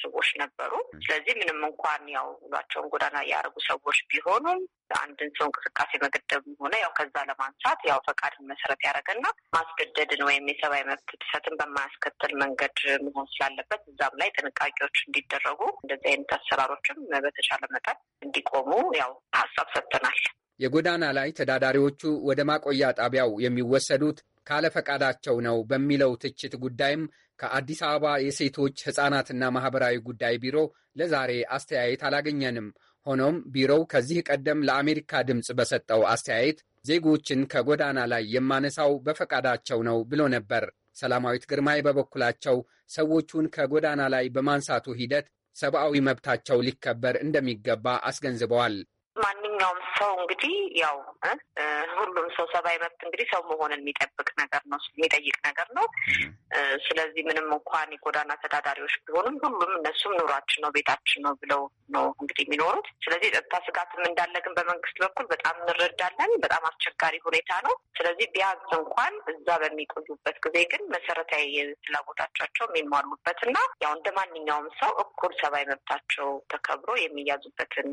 ሰዎች ነበሩ። ስለዚህ ምንም እንኳን ያው ውሏቸውን ጎዳና ያደረጉ ሰዎች ቢሆኑም አንድን ሰው እንቅስቃሴ መገደብ ሆነ ያው ከዛ ለማንሳት ያው ፈቃድን መሰረት ያደረገና ማስገደድን ወይም የሰብአዊ መብት ጥሰትን በማያስከትል መንገድ መሆን ስላለበት እዛም ላይ ጥንቃቄዎች እንዲደረጉ እንደዚህ አይነት አሰራሮችም በተቻለ መጠን እንዲቆሙ ያው ሀሳብ ሰጥተናል። የጎዳና ላይ ተዳዳሪዎቹ ወደ ማቆያ ጣቢያው የሚወሰዱት ካለፈቃዳቸው ነው በሚለው ትችት ጉዳይም ከአዲስ አበባ የሴቶች ሕፃናትና ማኅበራዊ ጉዳይ ቢሮ ለዛሬ አስተያየት አላገኘንም። ሆኖም ቢሮው ከዚህ ቀደም ለአሜሪካ ድምፅ በሰጠው አስተያየት ዜጎችን ከጎዳና ላይ የማነሳው በፈቃዳቸው ነው ብሎ ነበር። ሰላማዊት ግርማይ በበኩላቸው ሰዎቹን ከጎዳና ላይ በማንሳቱ ሂደት ሰብአዊ መብታቸው ሊከበር እንደሚገባ አስገንዝበዋል። ማንኛውም ሰው እንግዲህ ያው ሁሉም ሰው ሰብአዊ መብት እንግዲህ ሰው መሆንን የሚጠብቅ ነገር ነው የሚጠይቅ ነገር ነው። ስለዚህ ምንም እንኳን የጎዳና ተዳዳሪዎች ቢሆኑም ሁሉም እነሱም ኑሯችን ነው ቤታችን ነው ብለው ነው እንግዲህ የሚኖሩት። ስለዚህ የጸጥታ ስጋትም እንዳለ ግን በመንግስት በኩል በጣም እንረዳለን። በጣም አስቸጋሪ ሁኔታ ነው። ስለዚህ ቢያንስ እንኳን እዛ በሚቆዩበት ጊዜ ግን መሰረታዊ የፍላጎታቸው የሚሟሉበት እና ያው እንደ ማንኛውም ሰው እኩል ሰብአዊ መብታቸው ተከብሮ የሚያዙበትን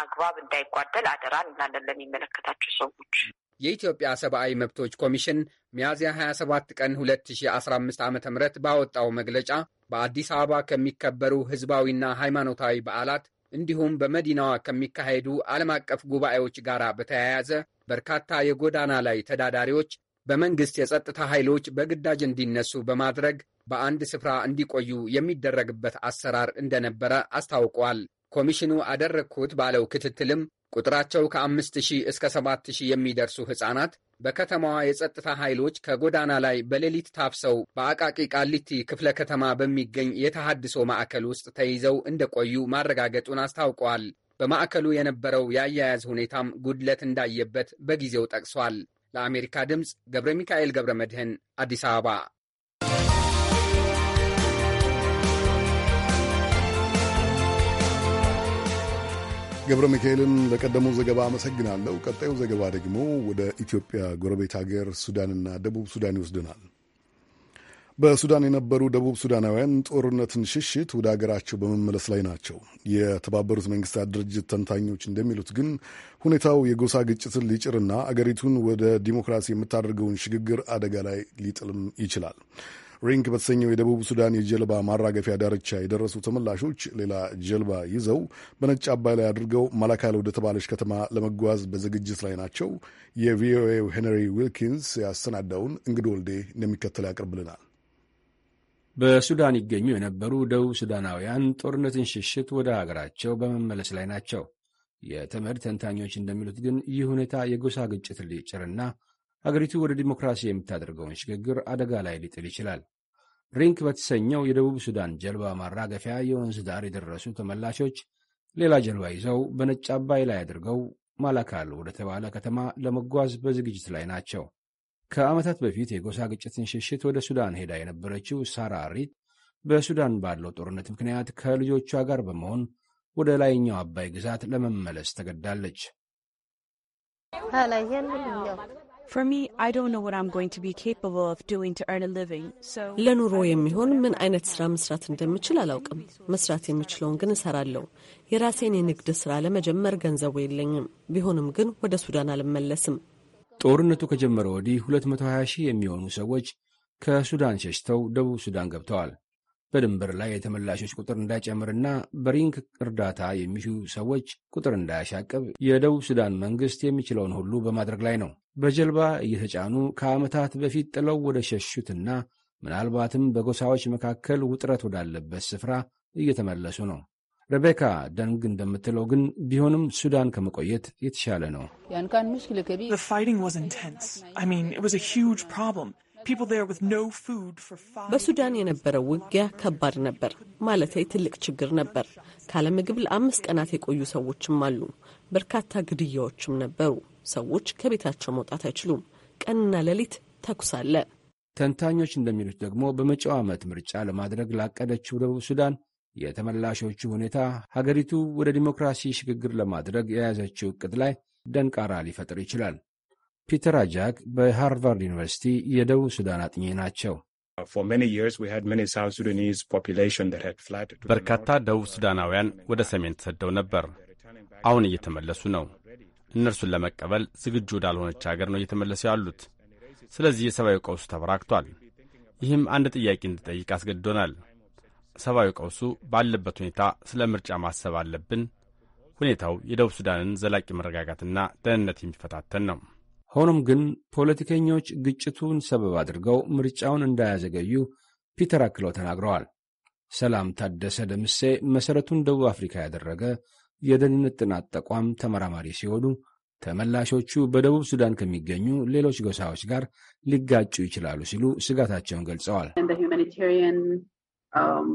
አግባብ እንዳይጓደል አደራ እንላለን ለሚመለከታቸው ሰዎች። የኢትዮጵያ ሰብአዊ መብቶች ኮሚሽን ሚያዝያ 27 ቀን 2015 ዓ ም ባወጣው መግለጫ በአዲስ አበባ ከሚከበሩ ህዝባዊና ሃይማኖታዊ በዓላት እንዲሁም በመዲናዋ ከሚካሄዱ ዓለም አቀፍ ጉባኤዎች ጋር በተያያዘ በርካታ የጎዳና ላይ ተዳዳሪዎች በመንግሥት የጸጥታ ኃይሎች በግዳጅ እንዲነሱ በማድረግ በአንድ ስፍራ እንዲቆዩ የሚደረግበት አሰራር እንደነበረ አስታውቋል። ኮሚሽኑ አደረግኩት ባለው ክትትልም ቁጥራቸው ከአምስት ሺህ እስከ ሰባት ሺህ የሚደርሱ ሕፃናት በከተማዋ የጸጥታ ኃይሎች ከጎዳና ላይ በሌሊት ታፍሰው በአቃቂ ቃሊቲ ክፍለ ከተማ በሚገኝ የተሃድሶ ማዕከል ውስጥ ተይዘው እንደቆዩ ማረጋገጡን አስታውቋል። በማዕከሉ የነበረው የአያያዝ ሁኔታም ጉድለት እንዳየበት በጊዜው ጠቅሷል። ለአሜሪካ ድምፅ ገብረ ሚካኤል ገብረ መድህን አዲስ አበባ ገብረ ሚካኤልን ለቀደመው ዘገባ አመሰግናለሁ። ቀጣዩ ዘገባ ደግሞ ወደ ኢትዮጵያ ጎረቤት ሀገር ሱዳንና ደቡብ ሱዳን ይወስድናል። በሱዳን የነበሩ ደቡብ ሱዳናውያን ጦርነትን ሽሽት ወደ አገራቸው በመመለስ ላይ ናቸው። የተባበሩት መንግስታት ድርጅት ተንታኞች እንደሚሉት ግን ሁኔታው የጎሳ ግጭትን ሊጭርና አገሪቱን ወደ ዲሞክራሲ የምታደርገውን ሽግግር አደጋ ላይ ሊጥልም ይችላል። ሪንግ በተሰኘው የደቡብ ሱዳን የጀልባ ማራገፊያ ዳርቻ የደረሱ ተመላሾች ሌላ ጀልባ ይዘው በነጭ አባይ ላይ አድርገው ማላካል ወደ ተባለች ከተማ ለመጓዝ በዝግጅት ላይ ናቸው። የቪኦኤው ሄነሪ ዊልኪንስ ያሰናዳውን እንግድ ወልዴ እንደሚከተል ያቀርብልናል። በሱዳን ይገኙ የነበሩ ደቡብ ሱዳናውያን ጦርነትን ሽሽት ወደ ሀገራቸው በመመለስ ላይ ናቸው። የተመድ ተንታኞች እንደሚሉት ግን ይህ ሁኔታ የጎሳ ግጭት ሊጭርና ሀገሪቱ ወደ ዲሞክራሲ የምታደርገውን ሽግግር አደጋ ላይ ሊጥል ይችላል። ሪንክ በተሰኘው የደቡብ ሱዳን ጀልባ ማራገፊያ የወንዝ ዳር የደረሱ ተመላሾች ሌላ ጀልባ ይዘው በነጭ አባይ ላይ አድርገው ማላካል ወደ ተባለ ከተማ ለመጓዝ በዝግጅት ላይ ናቸው። ከዓመታት በፊት የጎሳ ግጭትን ሽሽት ወደ ሱዳን ሄዳ የነበረችው ሳራ ሪት በሱዳን ባለው ጦርነት ምክንያት ከልጆቿ ጋር በመሆን ወደ ላይኛው አባይ ግዛት ለመመለስ ተገድዳለች። ለኑሮ የሚሆን ምን አይነት ስራ መስራት እንደምችል አላውቅም። መስራት የምችለውን ግን እሰራለሁ። የራሴን የንግድ ስራ ለመጀመር ገንዘቡ የለኝም። ቢሆንም ግን ወደ ሱዳን አልመለስም። ጦርነቱ ከጀመረ ወዲህ 220 ሺህ የሚሆኑ ሰዎች ከሱዳን ሸሽተው ደቡብ ሱዳን ገብተዋል። በድንበር ላይ የተመላሾች ቁጥር እንዳይጨምርና በሪንክ እርዳታ የሚሹ ሰዎች ቁጥር እንዳያሻቅብ የደቡብ ሱዳን መንግሥት የሚችለውን ሁሉ በማድረግ ላይ ነው። በጀልባ እየተጫኑ ከዓመታት በፊት ጥለው ወደ ሸሹትና ምናልባትም በጎሳዎች መካከል ውጥረት ወዳለበት ስፍራ እየተመለሱ ነው። ረቤካ ደንግ እንደምትለው ግን ቢሆንም ሱዳን ከመቆየት የተሻለ ነው። በሱዳን የነበረው ውጊያ ከባድ ነበር። ማለቴ ትልቅ ችግር ነበር። ካለምግብ ለአምስት ቀናት የቆዩ ሰዎችም አሉ። በርካታ ግድያዎችም ነበሩ። ሰዎች ከቤታቸው መውጣት አይችሉም። ቀንና ሌሊት ተኩስ አለ። ተንታኞች እንደሚሉት ደግሞ በመጪው ዓመት ምርጫ ለማድረግ ላቀደችው ደቡብ ሱዳን የተመላሾቹ ሁኔታ ሀገሪቱ ወደ ዲሞክራሲ ሽግግር ለማድረግ የያዘችው እቅድ ላይ ደንቃራ ሊፈጥር ይችላል። ፒተር አጃክ በሃርቫርድ ዩኒቨርሲቲ የደቡብ ሱዳን አጥኚ ናቸው። በርካታ ደቡብ ሱዳናውያን ወደ ሰሜን ተሰደው ነበር። አሁን እየተመለሱ ነው። እነርሱን ለመቀበል ዝግጁ ወዳልሆነች አገር ነው እየተመለሱ ያሉት። ስለዚህ የሰብአዊ ቀውሱ ተበራክቷል። ይህም አንድ ጥያቄ እንድጠይቅ አስገድዶናል። ሰብአዊ ቀውሱ ባለበት ሁኔታ ስለ ምርጫ ማሰብ አለብን። ሁኔታው የደቡብ ሱዳንን ዘላቂ መረጋጋትና ደህንነት የሚፈታተን ነው። ሆኖም ግን ፖለቲከኞች ግጭቱን ሰበብ አድርገው ምርጫውን እንዳያዘገዩ ፒተር አክለው ተናግረዋል። ሰላም ታደሰ ደምሴ መሠረቱን ደቡብ አፍሪካ ያደረገ የደህንነት ጥናት ተቋም ተመራማሪ ሲሆኑ ተመላሾቹ በደቡብ ሱዳን ከሚገኙ ሌሎች ጎሳዎች ጋር ሊጋጩ ይችላሉ ሲሉ ስጋታቸውን ገልጸዋል። um,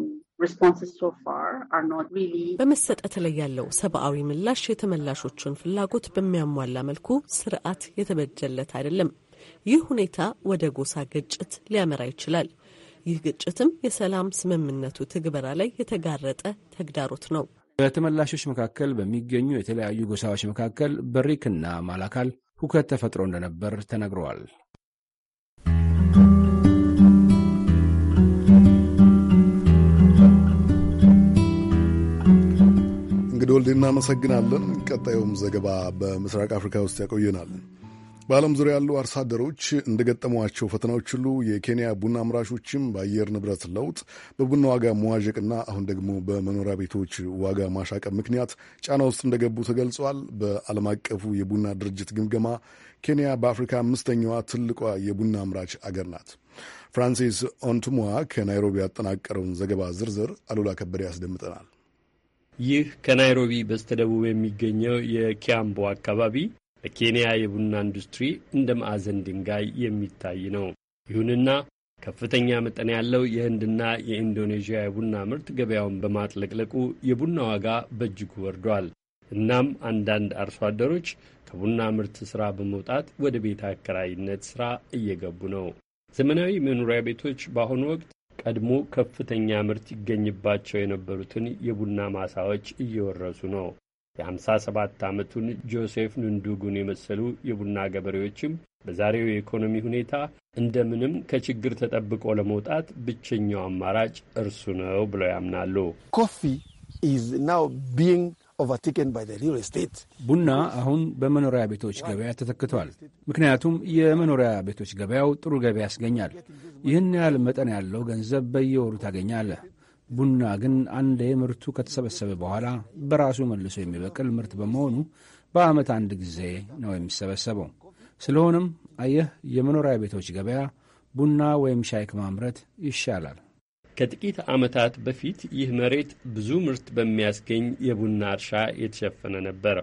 በመሰጠት ላይ ያለው ሰብአዊ ምላሽ የተመላሾቹን ፍላጎት በሚያሟላ መልኩ ስርዓት የተበጀለት አይደለም። ይህ ሁኔታ ወደ ጎሳ ግጭት ሊያመራ ይችላል። ይህ ግጭትም የሰላም ስምምነቱ ትግበራ ላይ የተጋረጠ ተግዳሮት ነው። በተመላሾች መካከል በሚገኙ የተለያዩ ጎሳዎች መካከል በሪክና ማላካል ሁከት ተፈጥሮ እንደነበር ተነግረዋል። እንግዲህ ወልዴ እናመሰግናለን። ቀጣዩም ዘገባ በምስራቅ አፍሪካ ውስጥ ያቆየናል። በዓለም ዙሪያ ያሉ አርሶ አደሮች እንደገጠሟቸው ፈተናዎች ሁሉ የኬንያ ቡና አምራቾችም በአየር ንብረት ለውጥ በቡና ዋጋ መዋዠቅና አሁን ደግሞ በመኖሪያ ቤቶች ዋጋ ማሻቀብ ምክንያት ጫና ውስጥ እንደገቡ ተገልጿል። በዓለም አቀፉ የቡና ድርጅት ግምገማ ኬንያ በአፍሪካ አምስተኛዋ ትልቋ የቡና አምራች አገር ናት። ፍራንሲስ ኦንቱሟ ከናይሮቢ ያጠናቀረውን ዘገባ ዝርዝር አሉላ ከበደ ያስደምጠናል። ይህ ከናይሮቢ በስተደቡብ የሚገኘው የኪያምቦ አካባቢ በኬንያ የቡና ኢንዱስትሪ እንደ ማዕዘን ድንጋይ የሚታይ ነው። ይሁንና ከፍተኛ መጠን ያለው የህንድና የኢንዶኔዥያ የቡና ምርት ገበያውን በማጥለቅለቁ የቡና ዋጋ በእጅጉ ወርዷል። እናም አንዳንድ አርሶ አደሮች ከቡና ምርት ሥራ በመውጣት ወደ ቤት አከራይነት ሥራ እየገቡ ነው። ዘመናዊ መኖሪያ ቤቶች በአሁኑ ወቅት ቀድሞ ከፍተኛ ምርት ይገኝባቸው የነበሩትን የቡና ማሳዎች እየወረሱ ነው። የ57 ዓመቱን ጆሴፍ ንንዱጉን የመሰሉ የቡና ገበሬዎችም በዛሬው የኢኮኖሚ ሁኔታ እንደምንም ከችግር ተጠብቆ ለመውጣት ብቸኛው አማራጭ እርሱ ነው ብለው ያምናሉ። ኮፊ ኢዝ ናው ቢንግ ኦቨርቴክን ባይ ሪል ስቴት። ቡና አሁን በመኖሪያ ቤቶች ገበያ ተተክቷል። ምክንያቱም የመኖሪያ ቤቶች ገበያው ጥሩ ገበያ ያስገኛል። ይህን ያህል መጠን ያለው ገንዘብ በየወሩ ታገኛለህ። ቡና ግን አንዴ ምርቱ ከተሰበሰበ በኋላ በራሱ መልሶ የሚበቅል ምርት በመሆኑ በዓመት አንድ ጊዜ ነው የሚሰበሰበው። ስለሆነም አየህ የመኖሪያ ቤቶች ገበያ ቡና ወይም ሻይ ከማምረት ይሻላል። ከጥቂት ዓመታት በፊት ይህ መሬት ብዙ ምርት በሚያስገኝ የቡና እርሻ የተሸፈነ ነበር።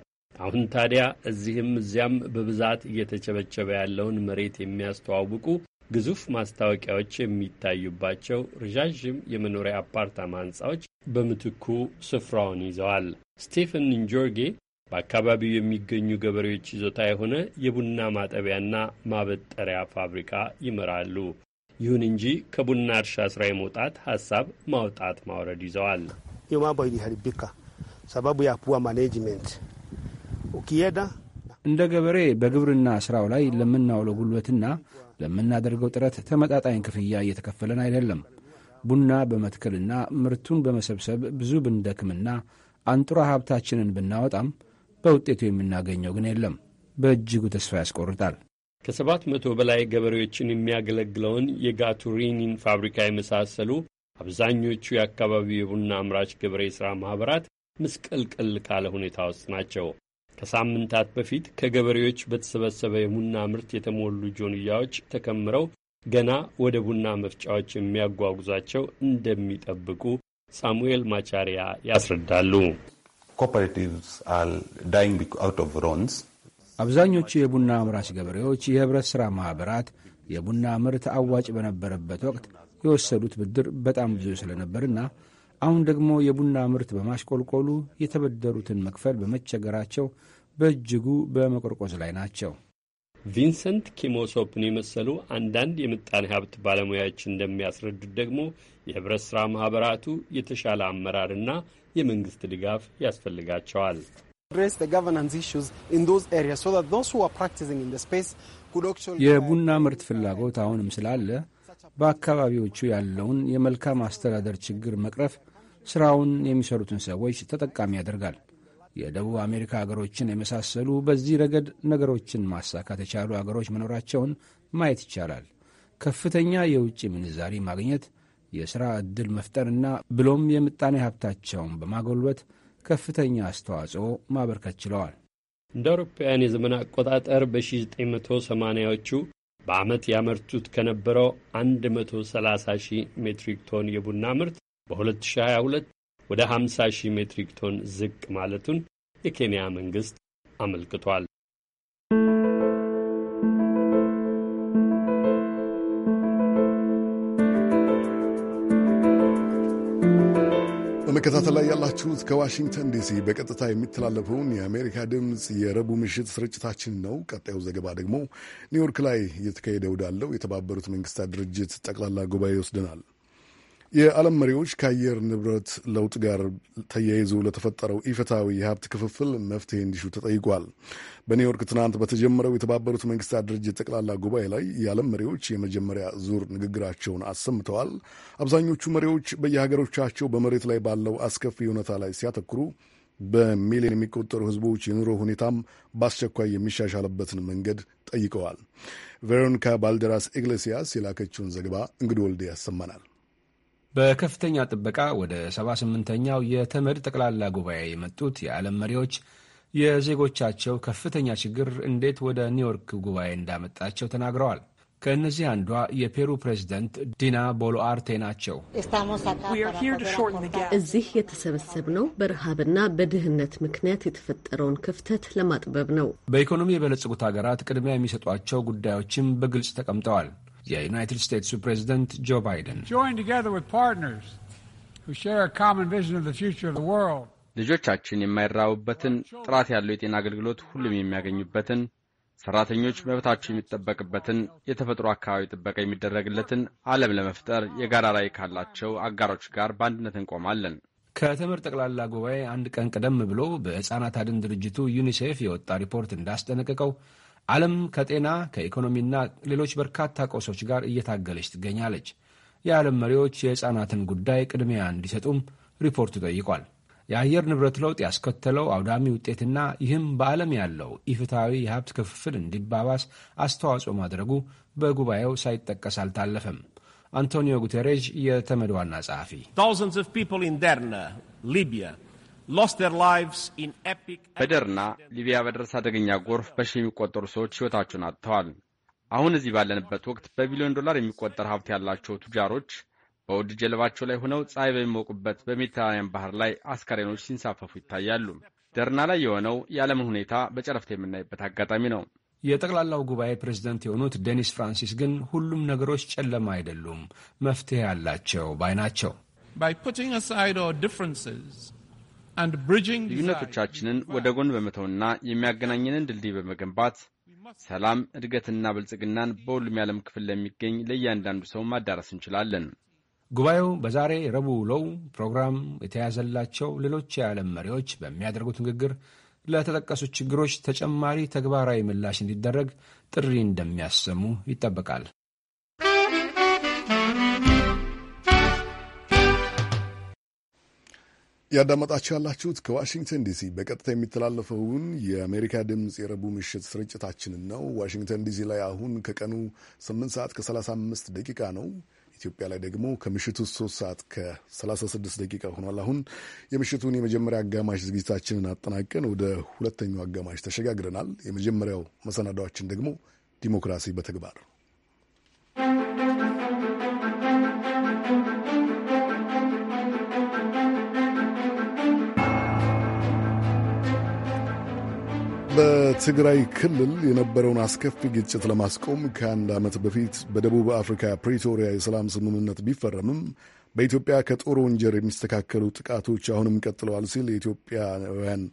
አሁን ታዲያ እዚህም እዚያም በብዛት እየተቸበቸበ ያለውን መሬት የሚያስተዋውቁ ግዙፍ ማስታወቂያዎች የሚታዩባቸው ረዣዥም የመኖሪያ አፓርታማ ህንፃዎች በምትኩ ስፍራውን ይዘዋል። ስቴፈን ንጆርጌ በአካባቢው የሚገኙ ገበሬዎች ይዞታ የሆነ የቡና ማጠቢያና ማበጠሪያ ፋብሪካ ይመራሉ። ይሁን እንጂ ከቡና እርሻ ስራ የመውጣት ሀሳብ ማውጣት ማውረድ ይዘዋል። ሰባቡ ያፑዋ ማኔጅመንት እንደ ገበሬ በግብርና ስራው ላይ ለምናውለው ጉልበትና ለምናደርገው ጥረት ተመጣጣኝ ክፍያ እየተከፈለን አይደለም። ቡና በመትከልና ምርቱን በመሰብሰብ ብዙ ብንደክምና አንጡራ ሀብታችንን ብናወጣም በውጤቱ የምናገኘው ግን የለም። በእጅጉ ተስፋ ያስቆርጣል። ከሰባት መቶ በላይ ገበሬዎችን የሚያገለግለውን የጋቱሪኒን ፋብሪካ የመሳሰሉ አብዛኞቹ የአካባቢው የቡና አምራች ገበሬ ሥራ ማኅበራት ምስቅልቅል ካለ ሁኔታ ውስጥ ናቸው። ከሳምንታት በፊት ከገበሬዎች በተሰበሰበ የቡና ምርት የተሞሉ ጆንያዎች ተከምረው ገና ወደ ቡና መፍጫዎች የሚያጓጉዛቸው እንደሚጠብቁ ሳሙኤል ማቻሪያ ያስረዳሉ። አብዛኞቹ የቡና አምራች ገበሬዎች የህብረት ሥራ ማኅበራት የቡና ምርት አዋጭ በነበረበት ወቅት የወሰዱት ብድር በጣም ብዙ ስለነበርና አሁን ደግሞ የቡና ምርት በማሽቆልቆሉ የተበደሩትን መክፈል በመቸገራቸው በእጅጉ በመቆርቆዝ ላይ ናቸው። ቪንሰንት ኪሞሶፕን የመሰሉ አንዳንድ የምጣኔ ሀብት ባለሙያዎች እንደሚያስረዱት ደግሞ የህብረት ሥራ ማኅበራቱ የተሻለ አመራርና የመንግሥት ድጋፍ ያስፈልጋቸዋል። የቡና ምርት ፍላጎት አሁንም ስላለ በአካባቢዎቹ ያለውን የመልካም አስተዳደር ችግር መቅረፍ ስራውን የሚሰሩትን ሰዎች ተጠቃሚ ያደርጋል። የደቡብ አሜሪካ አገሮችን የመሳሰሉ በዚህ ረገድ ነገሮችን ማሳካት የቻሉ አገሮች መኖራቸውን ማየት ይቻላል። ከፍተኛ የውጭ ምንዛሪ ማግኘት፣ የሥራ ዕድል መፍጠርና ብሎም የምጣኔ ሀብታቸውን በማጎልበት ከፍተኛ አስተዋጽኦ ማበርከት ችለዋል። እንደ አውሮፓውያን የዘመን አቆጣጠር በ1980ዎቹ በዓመት ያመርቱት ከነበረው 130 ሺህ ሜትሪክ ቶን የቡና ምርት በ2022 ወደ 50 ሺህ ሜትሪክ ቶን ዝቅ ማለቱን የኬንያ መንግሥት አመልክቷል። በመከታተል ላይ ያላችሁት ከዋሽንግተን ዲሲ በቀጥታ የሚተላለፈውን የአሜሪካ ድምፅ የረቡዕ ምሽት ስርጭታችን ነው። ቀጣዩ ዘገባ ደግሞ ኒውዮርክ ላይ እየተካሄደ ወዳለው የተባበሩት መንግስታት ድርጅት ጠቅላላ ጉባኤ ይወስደናል። የዓለም መሪዎች ከአየር ንብረት ለውጥ ጋር ተያይዞ ለተፈጠረው ኢፍትሐዊ የሀብት ክፍፍል መፍትሄ እንዲሹ ተጠይቋል። በኒውዮርክ ትናንት በተጀመረው የተባበሩት መንግስታት ድርጅት ጠቅላላ ጉባኤ ላይ የዓለም መሪዎች የመጀመሪያ ዙር ንግግራቸውን አሰምተዋል። አብዛኞቹ መሪዎች በየሀገሮቻቸው በመሬት ላይ ባለው አስከፊ ሁነታ ላይ ሲያተኩሩ፣ በሚሊዮን የሚቆጠሩ ህዝቦች የኑሮ ሁኔታም በአስቸኳይ የሚሻሻልበትን መንገድ ጠይቀዋል። ቬሮኒካ ባልደራስ ኢግሌሲያስ የላከችውን ዘገባ እንግድ ወልዴ ያሰማናል። በከፍተኛ ጥበቃ ወደ 78ኛው የተመድ ጠቅላላ ጉባኤ የመጡት የዓለም መሪዎች የዜጎቻቸው ከፍተኛ ችግር እንዴት ወደ ኒውዮርክ ጉባኤ እንዳመጣቸው ተናግረዋል። ከእነዚህ አንዷ የፔሩ ፕሬዚደንት ዲና ቦሎአርቴ ናቸው። እዚህ የተሰበሰብነው በረሃብና በድህነት ምክንያት የተፈጠረውን ክፍተት ለማጥበብ ነው። በኢኮኖሚ የበለጸጉት ሀገራት ቅድሚያ የሚሰጧቸው ጉዳዮችም በግልጽ ተቀምጠዋል። የዩናይትድ ስቴትሱ ፕሬዝደንት ጆ ባይደን ልጆቻችን የማይራቡበትን ጥራት ያለው የጤና አገልግሎት ሁሉም የሚያገኙበትን ሰራተኞች መብታቸው የሚጠበቅበትን የተፈጥሮ አካባቢ ጥበቃ የሚደረግለትን ዓለም ለመፍጠር የጋራ ራዕይ ካላቸው አጋሮች ጋር በአንድነት እንቆማለን። ከትምህርት ጠቅላላ ጉባኤ አንድ ቀን ቀደም ብሎ በሕፃናት አድን ድርጅቱ ዩኒሴፍ የወጣ ሪፖርት እንዳስጠነቀቀው ዓለም ከጤና ከኢኮኖሚና ሌሎች በርካታ ቀውሶች ጋር እየታገለች ትገኛለች። የዓለም መሪዎች የሕፃናትን ጉዳይ ቅድሚያ እንዲሰጡም ሪፖርቱ ጠይቋል። የአየር ንብረት ለውጥ ያስከተለው አውዳሚ ውጤትና ይህም በዓለም ያለው ኢፍትሐዊ የሀብት ክፍፍል እንዲባባስ አስተዋጽኦ ማድረጉ በጉባኤው ሳይጠቀስ አልታለፈም። አንቶኒዮ ጉቴሬዥ የተመድ ዋና ጸሐፊ በደርና ሊቢያ በደረሰ አደገኛ ጎርፍ በሺ የሚቆጠሩ ሰዎች ሕይወታቸውን አጥተዋል። አሁን እዚህ ባለንበት ወቅት በቢሊዮን ዶላር የሚቆጠር ሀብት ያላቸው ቱጃሮች በውድ ጀልባቸው ላይ ሆነው ፀሐይ በሚሞቁበት በሜዲትራንያን ባህር ላይ አስከሬኖች ሲንሳፈፉ ይታያሉ። ደርና ላይ የሆነው የዓለምን ሁኔታ በጨረፍታ የምናይበት አጋጣሚ ነው። የጠቅላላው ጉባኤ ፕሬዝደንት የሆኑት ዴኒስ ፍራንሲስ ግን ሁሉም ነገሮች ጨለማ አይደሉም፣ መፍትሄ ያላቸው ባይ ናቸው። ልዩነቶቻችንን ወደ ጎን በመተውና የሚያገናኝንን ድልድይ በመገንባት ሰላም፣ እድገትና ብልጽግናን በሁሉም የዓለም ክፍል ለሚገኝ ለእያንዳንዱ ሰው ማዳረስ እንችላለን። ጉባኤው በዛሬ ረቡዕ ውሎው ፕሮግራም የተያዘላቸው ሌሎች የዓለም መሪዎች በሚያደርጉት ንግግር ለተጠቀሱት ችግሮች ተጨማሪ ተግባራዊ ምላሽ እንዲደረግ ጥሪ እንደሚያሰሙ ይጠበቃል። ያዳመጣችሁ ያላችሁት ከዋሽንግተን ዲሲ በቀጥታ የሚተላለፈውን የአሜሪካ ድምፅ የረቡዕ ምሽት ስርጭታችንን ነው። ዋሽንግተን ዲሲ ላይ አሁን ከቀኑ 8 ሰዓት ከ35 ደቂቃ ነው። ኢትዮጵያ ላይ ደግሞ ከምሽቱ 3 ሰዓት ከ36 ደቂቃ ሆኗል። አሁን የምሽቱን የመጀመሪያ አጋማሽ ዝግጅታችንን አጠናቀን ወደ ሁለተኛው አጋማሽ ተሸጋግረናል። የመጀመሪያው መሰናዳዎችን ደግሞ ዲሞክራሲ በተግባር በትግራይ ክልል የነበረውን አስከፊ ግጭት ለማስቆም ከአንድ ዓመት በፊት በደቡብ አፍሪካ ፕሪቶሪያ የሰላም ስምምነት ቢፈረምም በኢትዮጵያ ከጦር ወንጀር የሚስተካከሉ ጥቃቶች አሁንም ቀጥለዋል ሲል የኢትዮጵያውያን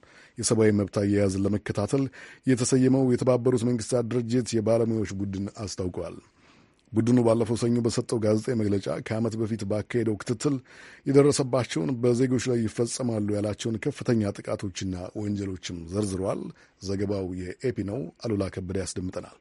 የሰብአዊ መብት አያያዝን ለመከታተል የተሰየመው የተባበሩት መንግስታት ድርጅት የባለሙያዎች ቡድን አስታውቋል። ቡድኑ ባለፈው ሰኞ በሰጠው ጋዜጣዊ መግለጫ ከዓመት በፊት ባካሄደው ክትትል የደረሰባቸውን በዜጎች ላይ ይፈጸማሉ ያላቸውን ከፍተኛ ጥቃቶችና ወንጀሎችም ዘርዝረዋል። ዘገባው የኤፒ ነው። አሉላ ከበደ ያስደምጠናል።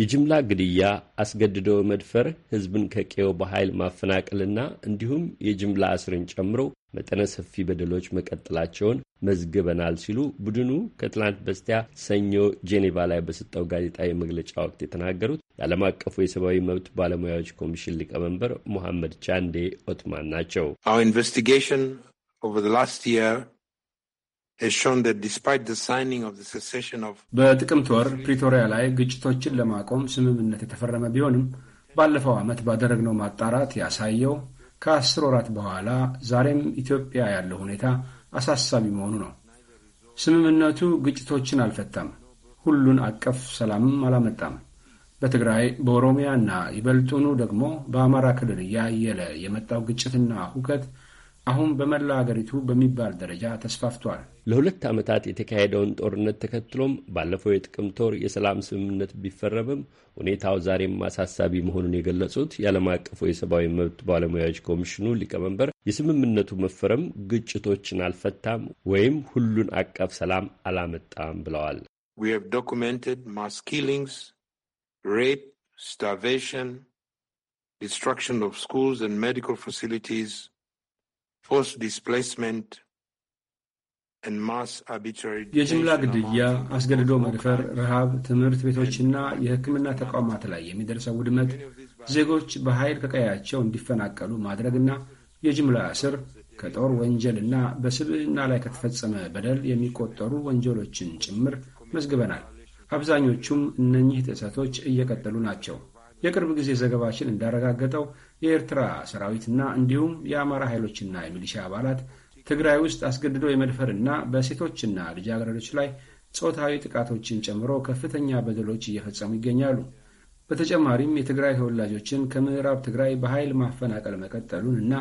የጅምላ ግድያ፣ አስገድዶ መድፈር፣ ህዝብን ከቀዬው በኃይል ማፈናቀልና እንዲሁም የጅምላ እስርን ጨምሮ መጠነ ሰፊ በደሎች መቀጠላቸውን መዝግበናል ሲሉ ቡድኑ ከትላንት በስቲያ ሰኞ ጄኔቫ ላይ በሰጠው ጋዜጣዊ መግለጫ ወቅት የተናገሩት የዓለም አቀፉ የሰብአዊ መብት ባለሙያዎች ኮሚሽን ሊቀመንበር ሞሐመድ ቻንዴ ኦትማን ናቸው። በጥቅምት ወር ፕሪቶሪያ ላይ ግጭቶችን ለማቆም ስምምነት የተፈረመ ቢሆንም ባለፈው ዓመት ባደረግነው ማጣራት ያሳየው ከአስር ወራት በኋላ ዛሬም ኢትዮጵያ ያለው ሁኔታ አሳሳቢ መሆኑ ነው። ስምምነቱ ግጭቶችን አልፈታም፣ ሁሉን አቀፍ ሰላምም አላመጣም። በትግራይ በኦሮሚያና ይበልጡኑ ደግሞ በአማራ ክልል እያየለ የመጣው ግጭትና ሁከት አሁን በመላው አገሪቱ በሚባል ደረጃ ተስፋፍቷል። ለሁለት ዓመታት የተካሄደውን ጦርነት ተከትሎም ባለፈው የጥቅምት ወር የሰላም ስምምነት ቢፈረምም ሁኔታው ዛሬም አሳሳቢ መሆኑን የገለጹት የዓለም አቀፉ የሰብአዊ መብት ባለሙያዎች ኮሚሽኑ ሊቀመንበር የስምምነቱ መፈረም ግጭቶችን አልፈታም ወይም ሁሉን አቀፍ ሰላም አላመጣም ብለዋል። We have documented mass killings, rape, starvation, destruction of schools and medical facilities የጅምላ ግድያ፣ አስገድዶ መድፈር፣ ረሃብ፣ ትምህርት ቤቶችና የሕክምና ተቋማት ላይ የሚደርሰው ውድመት፣ ዜጎች በኃይል ከቀያቸው እንዲፈናቀሉ ማድረግና የጅምላ እስር ከጦር ወንጀል እና በስብዕና ላይ ከተፈጸመ በደል የሚቆጠሩ ወንጀሎችን ጭምር መዝግበናል። አብዛኞቹም እነኚህ ጥሰቶች እየቀጠሉ ናቸው። የቅርብ ጊዜ ዘገባችን እንዳረጋገጠው የኤርትራ ሰራዊትና እንዲሁም የአማራ ኃይሎችና የሚሊሻ አባላት ትግራይ ውስጥ አስገድዶ የመድፈርና በሴቶችና ልጃገረዶች ላይ ጾታዊ ጥቃቶችን ጨምሮ ከፍተኛ በደሎች እየፈጸሙ ይገኛሉ። በተጨማሪም የትግራይ ተወላጆችን ከምዕራብ ትግራይ በኃይል ማፈናቀል መቀጠሉን እና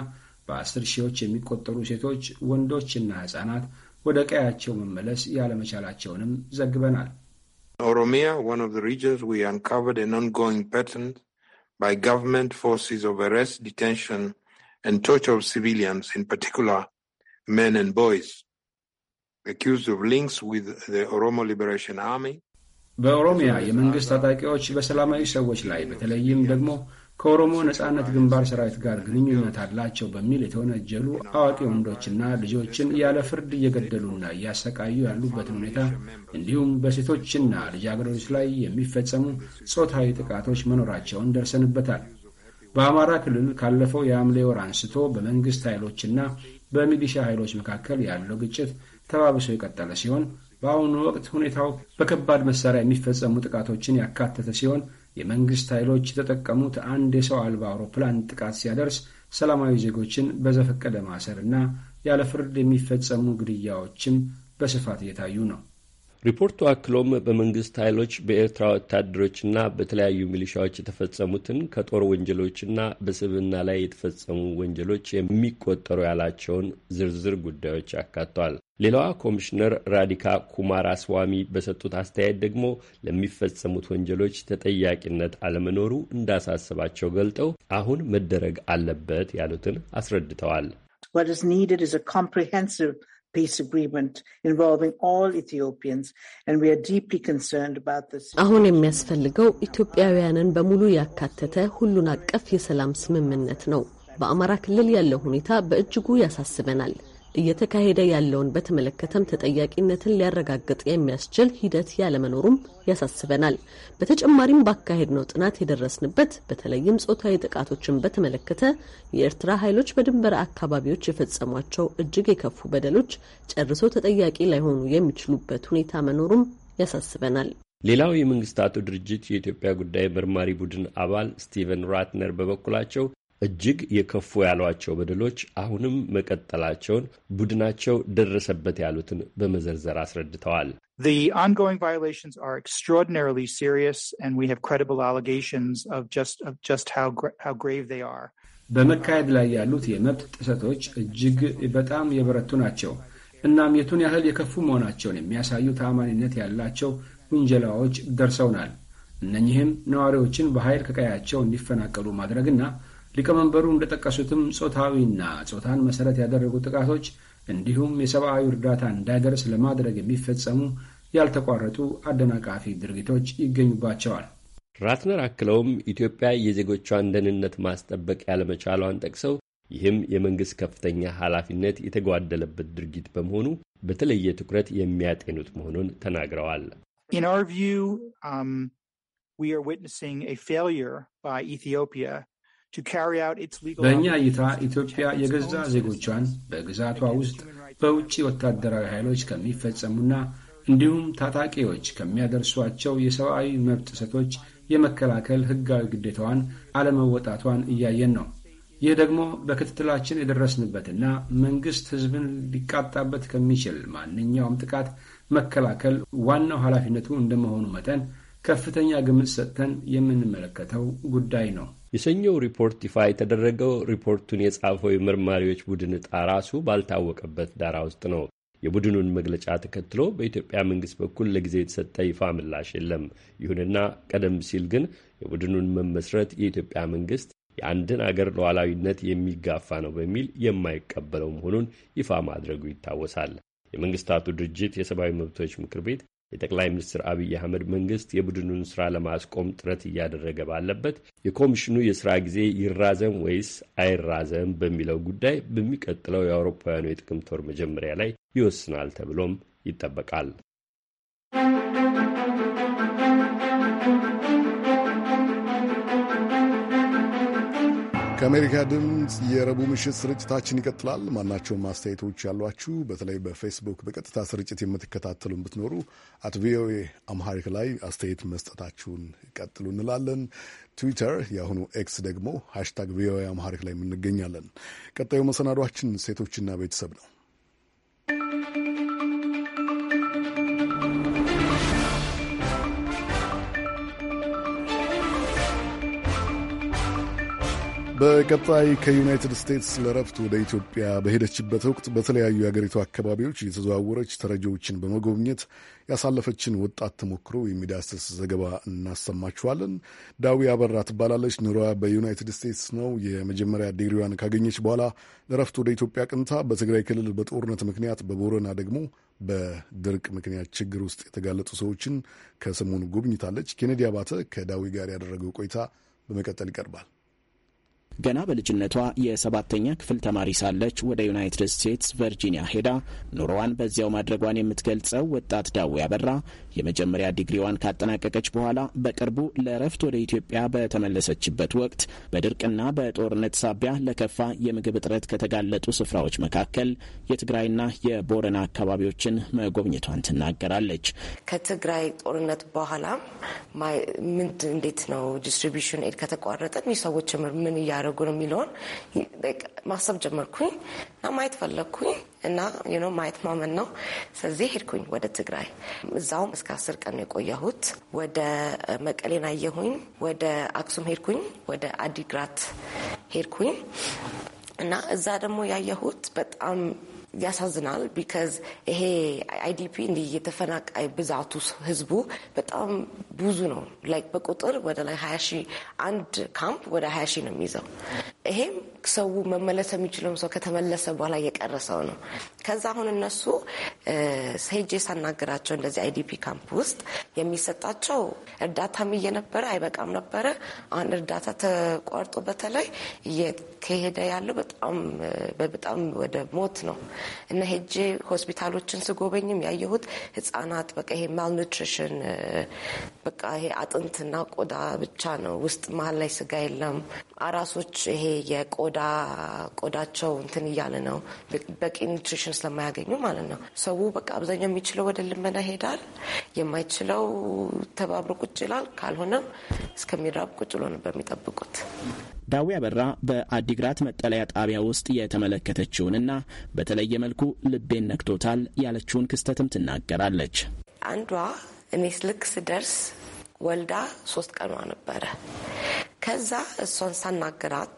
በአስር ሺዎች የሚቆጠሩ ሴቶች ወንዶችና ሕፃናት ወደ ቀያቸው መመለስ ያለመቻላቸውንም ዘግበናል። ኦሮሚያ by government forces of arrest, detention, and torture of civilians, in particular men and boys, accused of links with the Oromo Liberation Army በኦሮሚያ የመንግስት ታጣቂዎች በሰላማዊ ሰዎች ላይ በተለይም ደግሞ ከኦሮሞ ነጻነት ግንባር ሰራዊት ጋር ግንኙነት አላቸው በሚል የተወነጀሉ አዋቂ ወንዶችና ልጆችን ያለ ፍርድ እየገደሉና እያሰቃዩ ያሉበትን ሁኔታ እንዲሁም በሴቶችና ልጃገረዶች ላይ የሚፈጸሙ ጾታዊ ጥቃቶች መኖራቸውን ደርሰንበታል። በአማራ ክልል ካለፈው የሐምሌ ወር አንስቶ በመንግስት ኃይሎችና በሚሊሻ ኃይሎች መካከል ያለው ግጭት ተባብሶ የቀጠለ ሲሆን በአሁኑ ወቅት ሁኔታው በከባድ መሳሪያ የሚፈጸሙ ጥቃቶችን ያካተተ ሲሆን የመንግስት ኃይሎች የተጠቀሙት አንድ የሰው አልባ አውሮፕላን ጥቃት ሲያደርስ ሰላማዊ ዜጎችን በዘፈቀደ ማሰርና ያለ ፍርድ የሚፈጸሙ ግድያዎችም በስፋት እየታዩ ነው። ሪፖርቱ አክሎም በመንግስት ኃይሎች በኤርትራ ወታደሮችና በተለያዩ ሚሊሻዎች የተፈጸሙትን ከጦር ወንጀሎችና በስብና ላይ የተፈጸሙ ወንጀሎች የሚቆጠሩ ያላቸውን ዝርዝር ጉዳዮች አካቷል። ሌላዋ ኮሚሽነር ራዲካ ስዋሚ በሰጡት አስተያየት ደግሞ ለሚፈጸሙት ወንጀሎች ተጠያቂነት አለመኖሩ እንዳሳሰባቸው ገልጠው አሁን መደረግ አለበት ያሉትን አስረድተዋል። What is needed is a comprehensive አሁን የሚያስፈልገው ኢትዮጵያውያንን በሙሉ ያካተተ ሁሉን አቀፍ የሰላም ስምምነት ነው። በአማራ ክልል ያለው ሁኔታ በእጅጉ ያሳስበናል። እየተካሄደ ያለውን በተመለከተም ተጠያቂነትን ሊያረጋግጥ የሚያስችል ሂደት ያለመኖሩም ያሳስበናል። በተጨማሪም ባካሄድነው ጥናት የደረስንበት በተለይም ጾታዊ ጥቃቶችን በተመለከተ የኤርትራ ኃይሎች በድንበር አካባቢዎች የፈጸሟቸው እጅግ የከፉ በደሎች ጨርሶ ተጠያቂ ላይሆኑ የሚችሉበት ሁኔታ መኖሩም ያሳስበናል። ሌላው የመንግስታቱ ድርጅት የኢትዮጵያ ጉዳይ መርማሪ ቡድን አባል ስቲቨን ራትነር በበኩላቸው እጅግ የከፉ ያሏቸው በደሎች አሁንም መቀጠላቸውን ቡድናቸው ደረሰበት ያሉትን በመዘርዘር አስረድተዋል። በመካሄድ ላይ ያሉት የመብት ጥሰቶች እጅግ በጣም የበረቱ ናቸው። እናም የቱን ያህል የከፉ መሆናቸውን የሚያሳዩ ተአማኒነት ያላቸው ውንጀላዎች ደርሰውናል። እነኚህም ነዋሪዎችን በኃይል ከቀያቸው እንዲፈናቀሉ ማድረግና ሊቀመንበሩ እንደጠቀሱትም ጾታዊና ጾታን መሠረት ያደረጉ ጥቃቶች እንዲሁም የሰብአዊ እርዳታ እንዳይደርስ ለማድረግ የሚፈጸሙ ያልተቋረጡ አደናቃፊ ድርጊቶች ይገኙባቸዋል። ራትነር አክለውም ኢትዮጵያ የዜጎቿን ደህንነት ማስጠበቅ ያለመቻሏን ጠቅሰው ይህም የመንግሥት ከፍተኛ ኃላፊነት የተጓደለበት ድርጊት በመሆኑ በተለየ ትኩረት የሚያጤኑት መሆኑን ተናግረዋል። um, በእኛ እይታ ኢትዮጵያ የገዛ ዜጎቿን በግዛቷ ውስጥ በውጭ ወታደራዊ ኃይሎች ከሚፈጸሙና እንዲሁም ታጣቂዎች ከሚያደርሷቸው የሰብአዊ መብት ጥሰቶች የመከላከል ሕጋዊ ግዴታዋን አለመወጣቷን እያየን ነው። ይህ ደግሞ በክትትላችን የደረስንበትና መንግሥት ሕዝብን ሊቃጣበት ከሚችል ማንኛውም ጥቃት መከላከል ዋናው ኃላፊነቱ እንደመሆኑ መጠን ከፍተኛ ግምት ሰጥተን የምንመለከተው ጉዳይ ነው። የሰኞው ሪፖርት ይፋ የተደረገው ሪፖርቱን የጻፈው የመርማሪዎች ቡድን ዕጣ ራሱ ባልታወቀበት ዳራ ውስጥ ነው። የቡድኑን መግለጫ ተከትሎ በኢትዮጵያ መንግስት በኩል ለጊዜ የተሰጠ ይፋ ምላሽ የለም። ይሁንና ቀደም ሲል ግን የቡድኑን መመስረት የኢትዮጵያ መንግስት የአንድን አገር ሉዓላዊነት የሚጋፋ ነው በሚል የማይቀበለው መሆኑን ይፋ ማድረጉ ይታወሳል። የመንግስታቱ ድርጅት የሰብአዊ መብቶች ምክር ቤት የጠቅላይ ሚኒስትር አብይ አህመድ መንግስት የቡድኑን ስራ ለማስቆም ጥረት እያደረገ ባለበት የኮሚሽኑ የስራ ጊዜ ይራዘም ወይስ አይራዘም በሚለው ጉዳይ በሚቀጥለው የአውሮፓውያኑ የጥቅምት ወር መጀመሪያ ላይ ይወስናል ተብሎም ይጠበቃል። ከአሜሪካ ድምፅ የረቡዕ ምሽት ስርጭታችን ይቀጥላል። ማናቸውም አስተያየቶች ያሏችሁ በተለይ በፌስቡክ በቀጥታ ስርጭት የምትከታተሉን ብትኖሩ አት ቪኦኤ አምሃሪክ ላይ አስተያየት መስጠታችሁን ቀጥሉ እንላለን። ትዊተር የአሁኑ ኤክስ ደግሞ ሃሽታግ ቪኦኤ አምሃሪክ ላይ እንገኛለን። ቀጣዩ መሰናዷችን ሴቶችና ቤተሰብ ነው። በቀጣይ ከዩናይትድ ስቴትስ ለረፍት ወደ ኢትዮጵያ በሄደችበት ወቅት በተለያዩ የአገሪቱ አካባቢዎች የተዘዋወረች ተረጂዎችን በመጎብኘት ያሳለፈችን ወጣት ተሞክሮ የሚዳስስ ዘገባ እናሰማችኋለን። ዳዊ አበራ ትባላለች። ኑሯ በዩናይትድ ስቴትስ ነው። የመጀመሪያ ዲግሪዋን ካገኘች በኋላ ለረፍት ወደ ኢትዮጵያ ቅንታ በትግራይ ክልል በጦርነት ምክንያት በቦረና ደግሞ በድርቅ ምክንያት ችግር ውስጥ የተጋለጡ ሰዎችን ከሰሞኑ ጎብኝታለች። ኬኔዲ አባተ ከዳዊ ጋር ያደረገው ቆይታ በመቀጠል ይቀርባል። ገና በልጅነቷ የሰባተኛ ክፍል ተማሪ ሳለች ወደ ዩናይትድ ስቴትስ ቨርጂኒያ ሄዳ ኑሮዋን በዚያው ማድረጓን የምትገልጸው ወጣት ዳዊ አበራ የመጀመሪያ ዲግሪዋን ካጠናቀቀች በኋላ በቅርቡ ለእረፍት ወደ ኢትዮጵያ በተመለሰችበት ወቅት በድርቅና በጦርነት ሳቢያ ለከፋ የምግብ እጥረት ከተጋለጡ ስፍራዎች መካከል የትግራይና የቦረና አካባቢዎችን መጎብኘቷን ትናገራለች። ከትግራይ ጦርነት በኋላ ምንድን እንዴት ነው ዲስትሪቢሽን ኤድ ከተቋረጠ ሰዎች ምን እያደረጉ ነው የሚለውን ማሰብ ጀመርኩኝ እና ማየት ፈለግኩኝ። እና ዩኖ ማየት ማመን ነው። ስለዚህ ሄድኩኝ ወደ ትግራይ። እዛውም እስከ አስር ቀን ነው የቆየሁት። ወደ መቀሌን አየሁኝ፣ ወደ አክሱም ሄድኩኝ፣ ወደ አዲግራት ሄድኩኝ እና እዛ ደግሞ ያየሁት በጣም ያሳዝናል። ቢካዝ ይሄ አይዲፒ እንዲህ የተፈናቃይ ብዛቱ ህዝቡ በጣም ብዙ ነው። ላይክ በቁጥር ወደ ላይ ሀያ ሺህ አንድ ካምፕ ወደ ሀያ ሺህ ነው የሚይዘው። ይሄም ሰው መመለስ የሚችለውም ሰው ከተመለሰ በኋላ እየቀረ ሰው ነው። ከዛ አሁን እነሱ ሄጄ ሳናግራቸው እንደዚህ አይዲፒ ካምፕ ውስጥ የሚሰጣቸው እርዳታም እየነበረ አይበቃም ነበረ። አሁን እርዳታ ተቋርጦ በተለይ እየከሄደ ያለው በጣም በጣም ወደ ሞት ነው እና ሄጄ ሆስፒታሎችን ስጎበኝም ያየሁት ህጻናት በቃ ይሄ ማልኒትሪሽን በቃ ይሄ አጥንትና ቆዳ ብቻ ነው ውስጥ መሀል ላይ ስጋ የለም። አራሶች ይሄ የቆ ቆዳ ቆዳቸው እንትን እያለ ነው። በቂ ኒትሪሽን ስለማያገኙ ማለት ነው። ሰው በቃ አብዛኛው የሚችለው ወደ ልመና ሄዳል የማይችለው ተባብሮ ቁጭ ይላል። ካልሆነም እስከሚራብ ቁጭ ብሎ ነበር የሚጠብቁት። ዳዊ አበራ በአዲግራት መጠለያ ጣቢያ ውስጥ የተመለከተችውንና በተለየ መልኩ ልቤን ነክቶታል ያለችውን ክስተትም ትናገራለች። አንዷ እኔ ልክ ስደርስ ወልዳ ሶስት ቀኗ ነበረ። ከዛ እሷን ሳናገራት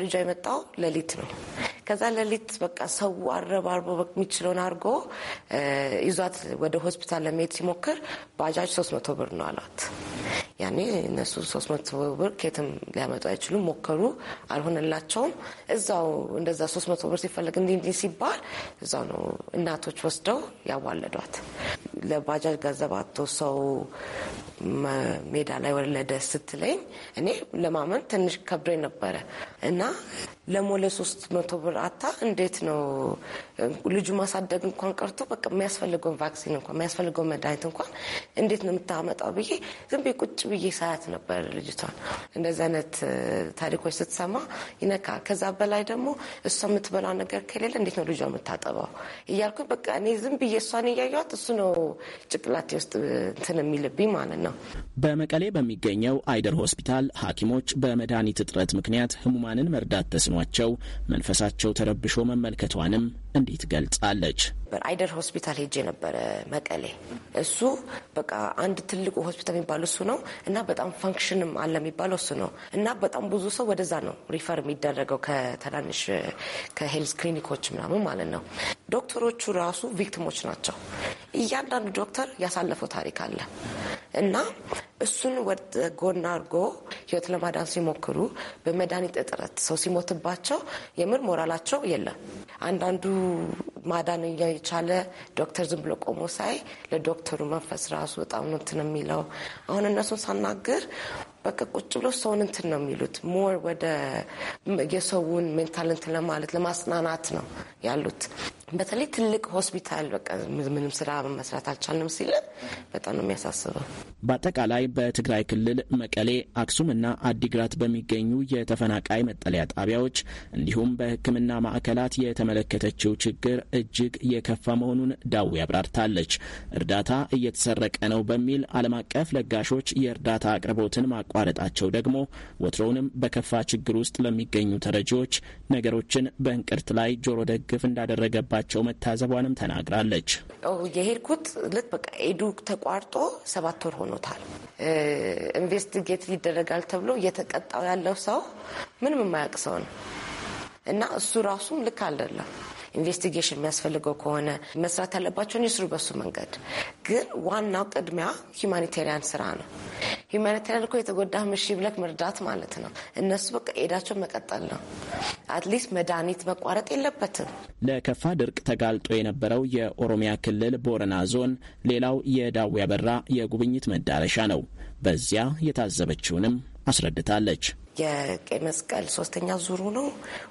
ልጇ የመጣው ሌሊት ነው። ከዛ ሌሊት በቃ ሰው አረባርቦ የሚችለውን አድርጎ ይዟት ወደ ሆስፒታል ለመሄድ ሲሞክር ባጃጅ ሶስት መቶ ብር ነው አሏት። ያኔ እነሱ ሶስት መቶ ብር ኬትም ሊያመጡ አይችሉም። ሞከሩ፣ አልሆነላቸውም። እዛው እንደዛ ሶስት መቶ ብር ሲፈለግ እንዲህ እንዲህ ሲባል እዛው ነው እናቶች ወስደው ያዋለዷት። ለባጃጅ ገንዘብ አቶ ሰው ሜዳ ላይ ወለደ ስትለኝ እኔ ለማመን ትንሽ ከብዶኝ ነበረ እና ለሞለ ሶስት መቶ ብር አታ እንዴት ነው ልጁ ማሳደግ እንኳን ቀርቶ በቃ የሚያስፈልገውን ቫክሲን እንኳን የሚያስፈልገውን መድኃኒት እንኳን እንዴት ነው የምታመጣው ብዬ ዝም ብዬ ቁጭ ብዬ ሳያት ነበር ልጅቷን። እንደዚህ አይነት ታሪኮች ስትሰማ ይነካ። ከዛ በላይ ደግሞ እሷ የምትበላው ነገር ከሌለ እንዴት ነው ልጇ የምታጠባው እያልኩኝ በቃ እኔ ዝም ብዬ እሷን እያየዋት እሱ ነው ጭቅላቴ ውስጥ እንትን የሚልብኝ ማለት ነው። ነው። በመቀሌ በሚገኘው አይደር ሆስፒታል ሐኪሞች በመድኃኒት እጥረት ምክንያት ህሙማንን መርዳት ተስኗቸው መንፈሳቸው ተረብሾ መመልከቷንም እንዴት ገልጻለች። አይደር ሆስፒታል ሄጄ ነበረ መቀሌ። እሱ በቃ አንድ ትልቁ ሆስፒታል የሚባል እሱ ነው እና በጣም ፋንክሽንም አለ የሚባለው እሱ ነው እና በጣም ብዙ ሰው ወደዛ ነው ሪፈር የሚደረገው ከትናንሽ ከሄልዝ ክሊኒኮች ምናምን ማለት ነው። ዶክተሮቹ ራሱ ቪክቲሞች ናቸው። እያንዳንዱ ዶክተር ያሳለፈው ታሪክ አለ እና እሱን ወደ ጎን አድርጎ ህይወት ለማዳን ሲሞክሩ በመድኃኒት እጥረት ሰው ሲሞትባቸው የምር ሞራላቸው የለም። አንዳንዱ ማዳን የቻለ ዶክተር ዝም ብሎ ቆሞ ሳይ ለዶክተሩ መንፈስ ራሱ በጣም ነው እንትን የሚለው። አሁን እነሱን ሳናግር በቃ ቁጭ ብለው ሰውን እንትን ነው የሚሉት ሞር ወደ የሰውን ሜንታል እንትን ለማለት ለማጽናናት ነው ያሉት። በተለይ ትልቅ ሆስፒታል በቃ ምንም ስራ መስራት አልቻልንም ሲል በጣም ነው የሚያሳስበው። በአጠቃላይ በትግራይ ክልል መቀሌ፣ አክሱም እና አዲግራት በሚገኙ የተፈናቃይ መጠለያ ጣቢያዎች እንዲሁም በሕክምና ማዕከላት የተመለከተችው ችግር እጅግ የከፋ መሆኑን ዳዊ አብራርታለች። እርዳታ እየተሰረቀ ነው በሚል ዓለም አቀፍ ለጋሾች የእርዳታ አቅርቦትን ማቋ መቋረጣቸው ደግሞ ወትሮውንም በከፋ ችግር ውስጥ ለሚገኙ ተረጂዎች ነገሮችን በእንቅርት ላይ ጆሮ ደግፍ እንዳደረገባቸው መታዘቧንም ተናግራለች። የሄድኩት ልክ በቃ ኤዱ ተቋርጦ ሰባት ወር ሆኖታል። ኢንቨስቲጌት ይደረጋል ተብሎ እየተቀጣው ያለው ሰው ምንም የማያውቅ ሰው ነው እና እሱ ራሱም ልክ አይደለም። ኢንቨስቲጌሽን የሚያስፈልገው ከሆነ መስራት ያለባቸውን ይስሩ። በሱ መንገድ ግን ዋናው ቅድሚያ ሁማኒቴሪያን ስራ ነው። ሁማኒቴሪያን እኮ የተጎዳ ምሽ ብለክ መርዳት ማለት ነው። እነሱ በቃ ኤዳቸው መቀጠል ነው። አትሊስት መድኃኒት መቋረጥ የለበትም። ለከፋ ድርቅ ተጋልጦ የነበረው የኦሮሚያ ክልል ቦረና ዞን ሌላው የዳዊ አበራ የጉብኝት መዳረሻ ነው። በዚያ የታዘበችውንም አስረድታለች። የቀይ መስቀል ሶስተኛ ዙሩ ነው።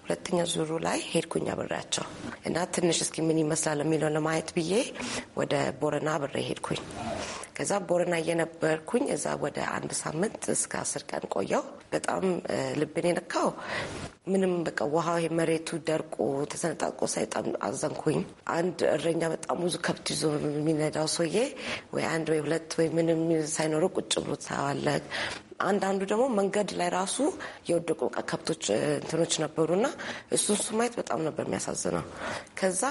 ሁለተኛ ዙሩ ላይ ሄድኩኝ አብሬያቸው እና ትንሽ እስኪ ምን ይመስላል የሚለው ለማየት ብዬ ወደ ቦረና አብሬ ሄድኩኝ። ከዛ ቦረና እየነበርኩኝ እዛ ወደ አንድ ሳምንት እስከ አስር ቀን ቆየው። በጣም ልብን የነካው ምንም በቃ ውሃው መሬቱ ደርቆ ተሰነጣቆ ሳይጣም አዘንኩኝ። አንድ እረኛ በጣም ብዙ ከብት ይዞ የሚነዳው ሰውዬ ወይ አንድ ወይ ሁለት ወይ ምንም ሳይኖረው ቁጭ ብሎ ታዋለ። አንዳንዱ ደግሞ መንገድ ላይ ራሱ የወደቁ ከብቶች እንትኖች ነበሩና እሱ እሱ ማየት በጣም ነበር የሚያሳዝነው። ከዛ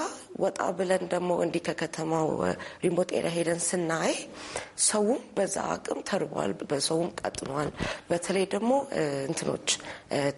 ወጣ ብለን ደግሞ እንዲህ ከከተማው ሪሞት ኤሪያ ሄደን ስናይ ሰውም በዛ አቅም ተርቧል፣ በሰውም ቀጥኗል። በተለይ ደግሞ እንትኖች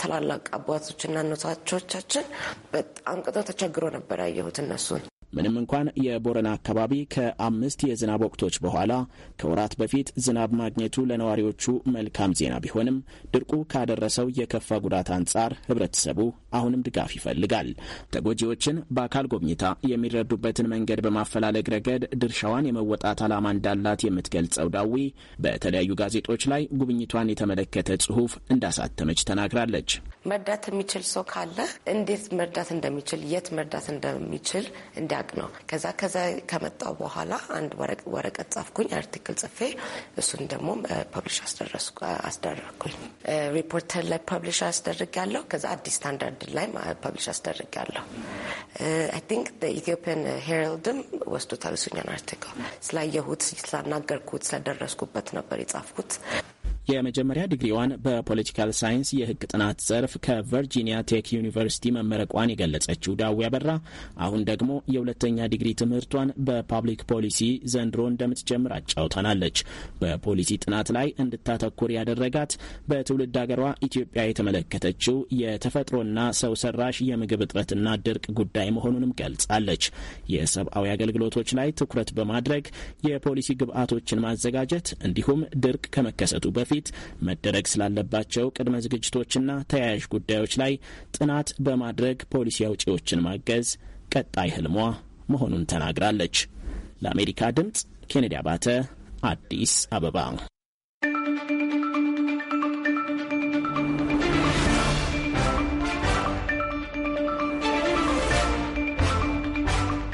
ታላላቅ አባቶችና እናቶቻችን በጣም ቅጠው ተቸግሮ ነበር ያየሁት እነሱን ምንም እንኳን የቦረና አካባቢ ከአምስት የዝናብ ወቅቶች በኋላ ከወራት በፊት ዝናብ ማግኘቱ ለነዋሪዎቹ መልካም ዜና ቢሆንም ድርቁ ካደረሰው የከፋ ጉዳት አንጻር ህብረተሰቡ አሁንም ድጋፍ ይፈልጋል። ተጎጂዎችን በአካል ጎብኝታ የሚረዱበትን መንገድ በማፈላለግ ረገድ ድርሻዋን የመወጣት ዓላማ እንዳላት የምትገልጸው ዳዊ በተለያዩ ጋዜጦች ላይ ጉብኝቷን የተመለከተ ጽሁፍ እንዳሳተመች ተናግራለች። መርዳት የሚችል ሰው ካለ እንዴት መርዳት እንደሚችል፣ የት መርዳት እንደሚችል እንዲ ሲያቅ ነው። ከዛ ከዛ ከመጣው በኋላ አንድ ወረቀት ጻፍኩኝ፣ አርቲክል ጽፌ እሱን ደግሞ ፐብሊሽ አስደረግኩኝ። ሪፖርተር ላይ ፐብሊሽ አስደርግ ያለው ከዛ አዲስ ስታንዳርድ ላይ ፐብሊሽ አስደርግ ያለው አይ ቲንክ ኢትዮጵያን ሄራልድም ወስዶታል እሱኛን አርቲክል ስላየሁት ስላናገርኩት ስለደረስኩበት ነበር የጻፍኩት። የመጀመሪያ ዲግሪዋን በፖለቲካል ሳይንስ የህግ ጥናት ዘርፍ ከቨርጂኒያ ቴክ ዩኒቨርሲቲ መመረቋን የገለጸችው ዳዊ አበራ አሁን ደግሞ የሁለተኛ ዲግሪ ትምህርቷን በፓብሊክ ፖሊሲ ዘንድሮ እንደምትጀምር አጫውታናለች። በፖሊሲ ጥናት ላይ እንድታተኩር ያደረጋት በትውልድ ሀገሯ ኢትዮጵያ የተመለከተችው የተፈጥሮና ሰው ሰራሽ የምግብ እጥረትና ድርቅ ጉዳይ መሆኑንም ገልጻለች። የሰብአዊ አገልግሎቶች ላይ ትኩረት በማድረግ የፖሊሲ ግብዓቶችን ማዘጋጀት እንዲሁም ድርቅ ከመከሰቱ በፊት በፊት መደረግ ስላለባቸው ቅድመ ዝግጅቶችና ተያያዥ ጉዳዮች ላይ ጥናት በማድረግ ፖሊሲ አውጪዎችን ማገዝ ቀጣይ ህልሟ መሆኑን ተናግራለች። ለአሜሪካ ድምፅ ኬኔዲ አባተ አዲስ አበባ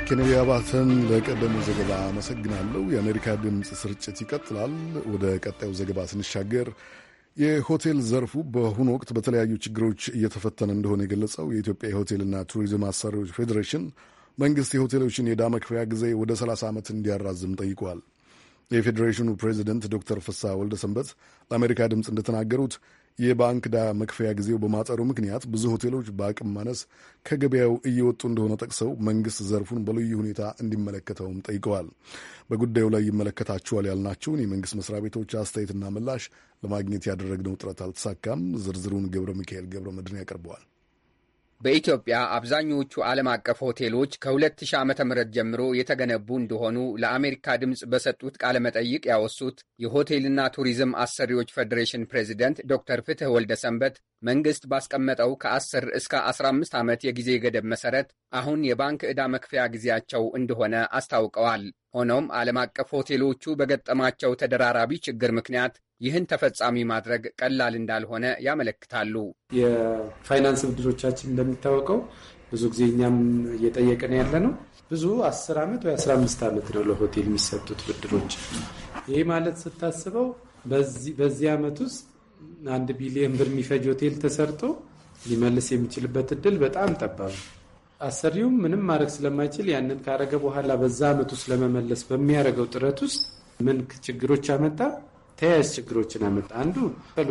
ኬኔዲ አባተን ለቀደሙ ዘገባ አመሰግናለሁ። የአሜሪካ ድምፅ ስርጭት ይቀጥላል። ወደ ቀጣዩ ዘገባ ስንሻገር የሆቴል ዘርፉ በአሁኑ ወቅት በተለያዩ ችግሮች እየተፈተነ እንደሆነ የገለጸው የኢትዮጵያ የሆቴልና ቱሪዝም አሰሪዎች ፌዴሬሽን መንግስት የሆቴሎችን የዕዳ መክፈያ ጊዜ ወደ 30 ዓመት እንዲያራዝም ጠይቋል። የፌዴሬሽኑ ፕሬዚደንት ዶክተር ፍሳ ወልደ ሰንበት ለአሜሪካ ድምፅ እንደተናገሩት የባንክ ዳ መክፈያ ጊዜው በማጠሩ ምክንያት ብዙ ሆቴሎች በአቅም ማነስ ከገበያው እየወጡ እንደሆነ ጠቅሰው መንግስት ዘርፉን በልዩ ሁኔታ እንዲመለከተውም ጠይቀዋል። በጉዳዩ ላይ ይመለከታችኋል ያልናቸውን የመንግስት መስሪያ ቤቶች አስተያየትና ምላሽ ለማግኘት ያደረግነው ጥረት አልተሳካም። ዝርዝሩን ገብረ ሚካኤል ገብረ መድን ያቀርበዋል። በኢትዮጵያ አብዛኞቹ ዓለም አቀፍ ሆቴሎች ከ2000 ዓ ም ጀምሮ የተገነቡ እንደሆኑ ለአሜሪካ ድምፅ በሰጡት ቃለ መጠይቅ ያወሱት የሆቴልና ቱሪዝም አሰሪዎች ፌዴሬሽን ፕሬዚደንት ዶክተር ፍትህ ወልደ ሰንበት መንግሥት ባስቀመጠው ከ10 እስከ 15 ዓመት የጊዜ ገደብ መሠረት አሁን የባንክ ዕዳ መክፈያ ጊዜያቸው እንደሆነ አስታውቀዋል። ሆኖም ዓለም አቀፍ ሆቴሎቹ በገጠማቸው ተደራራቢ ችግር ምክንያት ይህን ተፈጻሚ ማድረግ ቀላል እንዳልሆነ ያመለክታሉ። የፋይናንስ ብድሮቻችን እንደሚታወቀው ብዙ ጊዜ እኛም እየጠየቅን ያለ ነው። ብዙ አስር ዓመት ወይ አምስት ዓመት ነው ለሆቴል የሚሰጡት ብድሮች። ይህ ማለት ስታስበው በዚህ ዓመት ውስጥ አንድ ቢሊየን ብር የሚፈጅ ሆቴል ተሰርቶ ሊመልስ የሚችልበት እድል በጣም ጠባብ ነው። አሰሪውም ምንም ማድረግ ስለማይችል ያንን ካረገ በኋላ በዛ ዓመት ውስጥ ለመመለስ በሚያደርገው ጥረት ውስጥ ምን ችግሮች አመጣ? ተያያዥ ችግሮችን አመጣ። አንዱ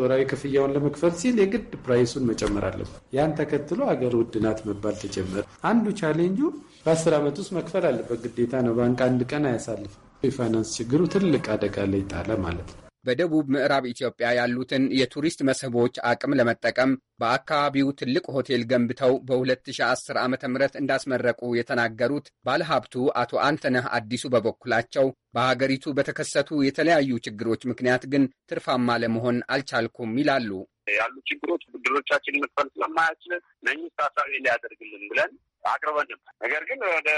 ወራዊ ክፍያውን ለመክፈል ሲል የግድ ፕራይሱን መጨመር አለበት። ያን ተከትሎ አገር ውድ ናት መባል ተጀመረ። አንዱ ቻሌንጁ በአስር ዓመት ውስጥ መክፈል አለበት ግዴታ ነው። ባንክ አንድ ቀን አያሳልፍም። የፋይናንስ ችግሩ ትልቅ አደጋ ላይ ጣለ ማለት ነው። በደቡብ ምዕራብ ኢትዮጵያ ያሉትን የቱሪስት መስህቦች አቅም ለመጠቀም በአካባቢው ትልቅ ሆቴል ገንብተው በ2010 ዓ ም እንዳስመረቁ የተናገሩት ባለሀብቱ አቶ አንተነህ አዲሱ በበኩላቸው በሀገሪቱ በተከሰቱ የተለያዩ ችግሮች ምክንያት ግን ትርፋማ ለመሆን አልቻልኩም ይላሉ። ያሉ ችግሮች ብድሮቻችን መክፈል ስለማያችልን ነኝ ታሳቢ ሊያደርግልን ብለን አቅርበንም ነገር ግን ወደ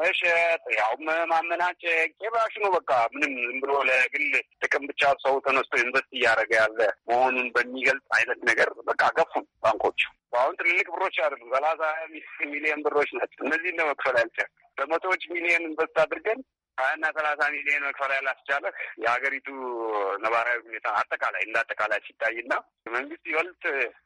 መሸጥ ያው ማመናጨቅ የባሽ ነው። በቃ ምንም ዝም ብሎ ለግል ጥቅም ብቻ ሰው ተነስቶ ኢንቨስት እያደረገ ያለ መሆኑን በሚገልጽ አይነት ነገር በቃ ገፉን ባንኮች። በአሁን ትልልቅ ብሮች አይደሉ ሰላሳ ሚሊዮን ብሮች ናቸው። እነዚህን ለመክፈል አልቻል በመቶዎች ሚሊዮን ኢንቨስት አድርገን ሀያና ሰላሳ ሚሊዮን መክፈል ያላስቻለህ የሀገሪቱ ነባራዊ ሁኔታ አጠቃላይ እንደ አጠቃላይ ሲታይና መንግስት ይበልጥ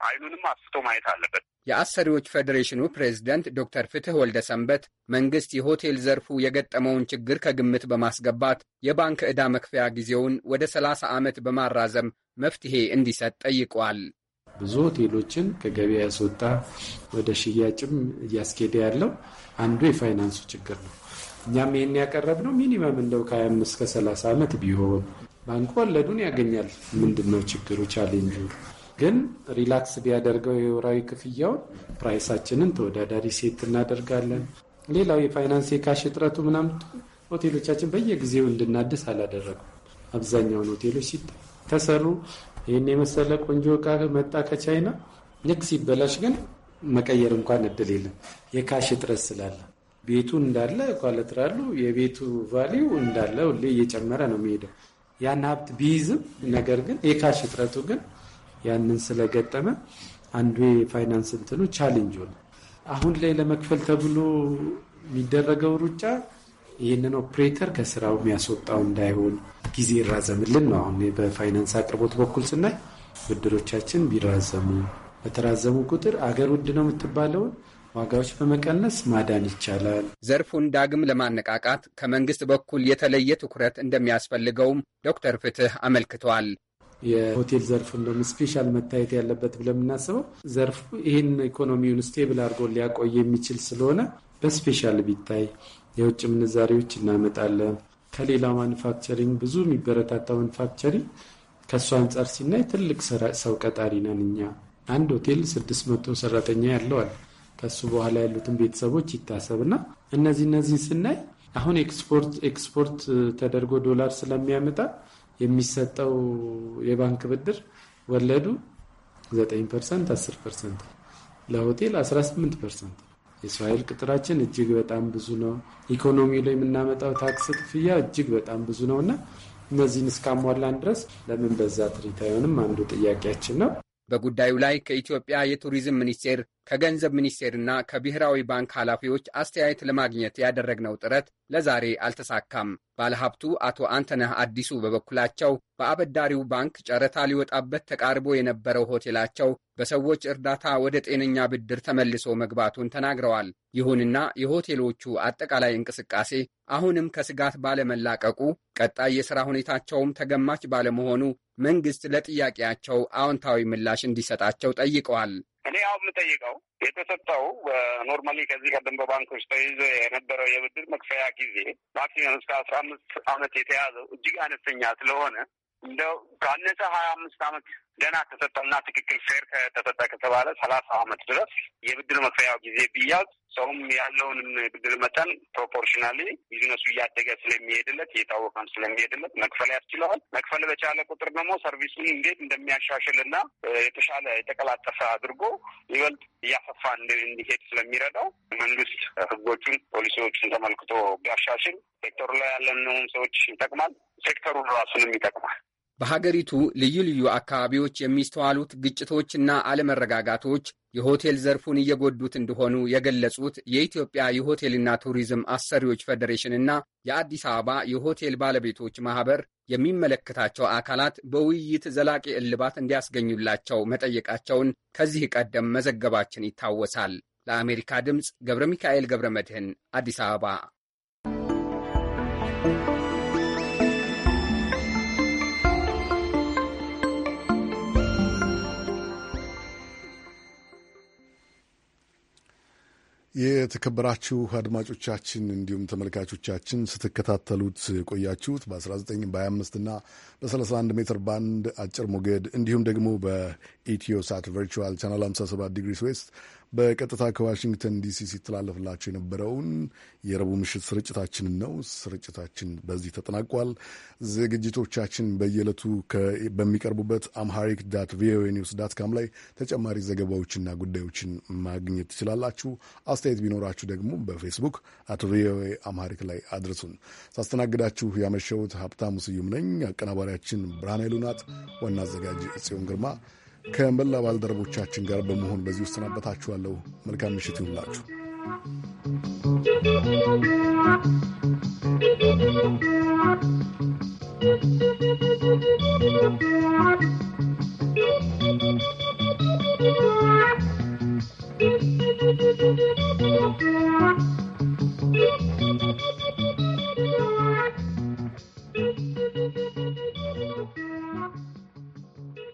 አይኑንም አስቶ ማየት አለበት። የአሰሪዎች ፌዴሬሽኑ ፕሬዝደንት ዶክተር ፍትህ ወልደ ሰንበት መንግስት የሆቴል ዘርፉ የገጠመውን ችግር ከግምት በማስገባት የባንክ ዕዳ መክፈያ ጊዜውን ወደ ሰላሳ ዓመት በማራዘም መፍትሄ እንዲሰጥ ጠይቋል። ብዙ ሆቴሎችን ከገበያ ያስወጣ ወደ ሽያጭም እያስኬደ ያለው አንዱ የፋይናንሱ ችግር ነው። እኛም ይህን ነው ሚኒመም እንደው ከ25 እስከ 30 ዓመት ቢሆን ባንኩ ወለዱን ያገኛል። ምንድን ነው ችግሩ? ቻሌንጁ ግን ሪላክስ ቢያደርገው የወራዊ ክፍያውን ፕራይሳችንን ተወዳዳሪ ሴት እናደርጋለን። ሌላው የፋይናንስ የካሽ እጥረቱ ምናምን ሆቴሎቻችን በየጊዜው እንድናድስ አላደረግም። አብዛኛውን ሆቴሎች ተሰሩ ይህን የመሰለ ቆንጆ እቃ መጣ ከቻይና ልክ ሲበላሽ ግን መቀየር እንኳን እድል የለም የካሽ እጥረት ስላለ ቤቱ እንዳለ ኳለትራሉ የቤቱ ቫሊው እንዳለ ሁሌ እየጨመረ ነው የሚሄደው። ያን ሀብት ቢይዝም ነገር ግን የካሽ እጥረቱ ግን ያንን ስለገጠመ አንዱ የፋይናንስ እንትኑ ቻሌንጅ ሆነ። አሁን ላይ ለመክፈል ተብሎ የሚደረገው ሩጫ ይህንን ኦፕሬተር ከስራው የሚያስወጣው እንዳይሆን ጊዜ ይራዘምልን ነው። አሁን በፋይናንስ አቅርቦት በኩል ስናይ ብድሮቻችን ቢራዘሙ፣ በተራዘሙ ቁጥር አገር ውድ ነው የምትባለውን ዋጋዎች በመቀነስ ማዳን ይቻላል። ዘርፉን ዳግም ለማነቃቃት ከመንግስት በኩል የተለየ ትኩረት እንደሚያስፈልገውም ዶክተር ፍትህ አመልክቷል። የሆቴል ዘርፉ እንደውም ስፔሻል መታየት ያለበት ብለን የምናስበው ዘርፉ ይህን ኢኮኖሚውን ስቴብል አድርጎ ሊያቆይ የሚችል ስለሆነ በስፔሻል ቢታይ የውጭ ምንዛሪዎች እናመጣለን። ከሌላው ማኑፋክቸሪንግ ብዙ የሚበረታታው ማኑፋክቸሪንግ ከእሱ አንጻር ሲናይ ትልቅ ሰው ቀጣሪ ነን እኛ። አንድ ሆቴል ስድስት መቶ ሰራተኛ ያለዋል። ከሱ በኋላ ያሉትን ቤተሰቦች ይታሰብና እነዚህ እነዚህን ስናይ አሁን ኤክስፖርት ኤክስፖርት ተደርጎ ዶላር ስለሚያመጣ የሚሰጠው የባንክ ብድር ወለዱ 9 ፐርሰንት 10 ፐርሰንት ለሆቴል 18 ፐርሰንት የሰው ኃይል ቅጥራችን እጅግ በጣም ብዙ ነው። ኢኮኖሚ ላይ የምናመጣው ታክስ ክፍያ እጅግ በጣም ብዙ ነው እና እነዚህን እስካሟላን ድረስ ለምን በዛ ትርኢት አይሆንም አንዱ ጥያቄያችን ነው። በጉዳዩ ላይ ከኢትዮጵያ የቱሪዝም ሚኒስቴር ከገንዘብ ሚኒስቴርና ከብሔራዊ ባንክ ኃላፊዎች አስተያየት ለማግኘት ያደረግነው ጥረት ለዛሬ አልተሳካም። ባለሀብቱ አቶ አንተነህ አዲሱ በበኩላቸው በአበዳሪው ባንክ ጨረታ ሊወጣበት ተቃርቦ የነበረው ሆቴላቸው በሰዎች እርዳታ ወደ ጤነኛ ብድር ተመልሶ መግባቱን ተናግረዋል። ይሁንና የሆቴሎቹ አጠቃላይ እንቅስቃሴ አሁንም ከስጋት ባለመላቀቁ፣ ቀጣይ የሥራ ሁኔታቸውም ተገማች ባለመሆኑ መንግሥት ለጥያቄያቸው አዎንታዊ ምላሽ እንዲሰጣቸው ጠይቀዋል። እኔ አሁን የምጠይቀው የተሰጠው ኖርማሊ ከዚህ ቀደም በባንኮች ተይዞ የነበረው የብድር መክፈያ ጊዜ ማክሲመም እስከ አስራ አምስት አመት የተያዘው እጅግ አነስተኛ ስለሆነ እንደው ካነሰ ሀያ አምስት አመት ገና ተሰጠና ትክክል ፌር ከተሰጠ ከተባለ ሰላሳ አመት ድረስ የብድር መክፈያው ጊዜ ቢያዝ ሰውም ያለውን ብድር መጠን ፕሮፖርሽናሊ ቢዝነሱ እያደገ ስለሚሄድለት እየታወቀም ስለሚሄድለት መክፈል ያስችለዋል። መክፈል በቻለ ቁጥር ደግሞ ሰርቪሱን እንዴት እንደሚያሻሽልና የተሻለ የተቀላጠፈ አድርጎ ይበልጥ እያሰፋ እንዲሄድ ስለሚረዳው መንግስት ህጎቹን፣ ፖሊሲዎቹን ተመልክቶ ቢያሻሽል ሴክተሩ ላይ ያለነውን ሰዎች ይጠቅማል፣ ሴክተሩን ራሱንም ይጠቅማል። በሀገሪቱ ልዩ ልዩ አካባቢዎች የሚስተዋሉት ግጭቶችና አለመረጋጋቶች የሆቴል ዘርፉን እየጎዱት እንደሆኑ የገለጹት የኢትዮጵያ የሆቴልና ቱሪዝም አሰሪዎች ፌዴሬሽንና የአዲስ አበባ የሆቴል ባለቤቶች ማህበር የሚመለከታቸው አካላት በውይይት ዘላቂ እልባት እንዲያስገኙላቸው መጠየቃቸውን ከዚህ ቀደም መዘገባችን ይታወሳል። ለአሜሪካ ድምፅ ገብረ ሚካኤል ገብረ መድህን አዲስ አበባ የተከበራችሁ አድማጮቻችን እንዲሁም ተመልካቾቻችን ስትከታተሉት ቆያችሁት በ19 በ25 እና በ31 ሜትር ባንድ አጭር ሞገድ እንዲሁም ደግሞ በኢትዮ ሳት ቨርቹዋል ቻናል 57 ዲግሪ ስዌስት በቀጥታ ከዋሽንግተን ዲሲ ሲተላለፍላቸው የነበረውን የረቡዕ ምሽት ስርጭታችንን ነው። ስርጭታችን በዚህ ተጠናቋል። ዝግጅቶቻችን በየዕለቱ በሚቀርቡበት አምሃሪክ ዳት ቪኦኤ ኒውስ ዳት ካም ላይ ተጨማሪ ዘገባዎችና ጉዳዮችን ማግኘት ትችላላችሁ። አስተያየት ቢኖራችሁ ደግሞ በፌስቡክ አት ቪኦኤ አምሃሪክ ላይ አድርሱን። ሳስተናግዳችሁ ያመሸሁት ሀብታሙ ስዩም ነኝ። አቀናባሪያችን ብርሃን ኃይሉ ናት። ዋና አዘጋጅ ጽዮን ግርማ ከመላ ባልደረቦቻችን ጋር በመሆን በዚህ ውስጥ ሰናበታችኋለሁ። መልካም ምሽት ይሁንላችሁ። Thank you.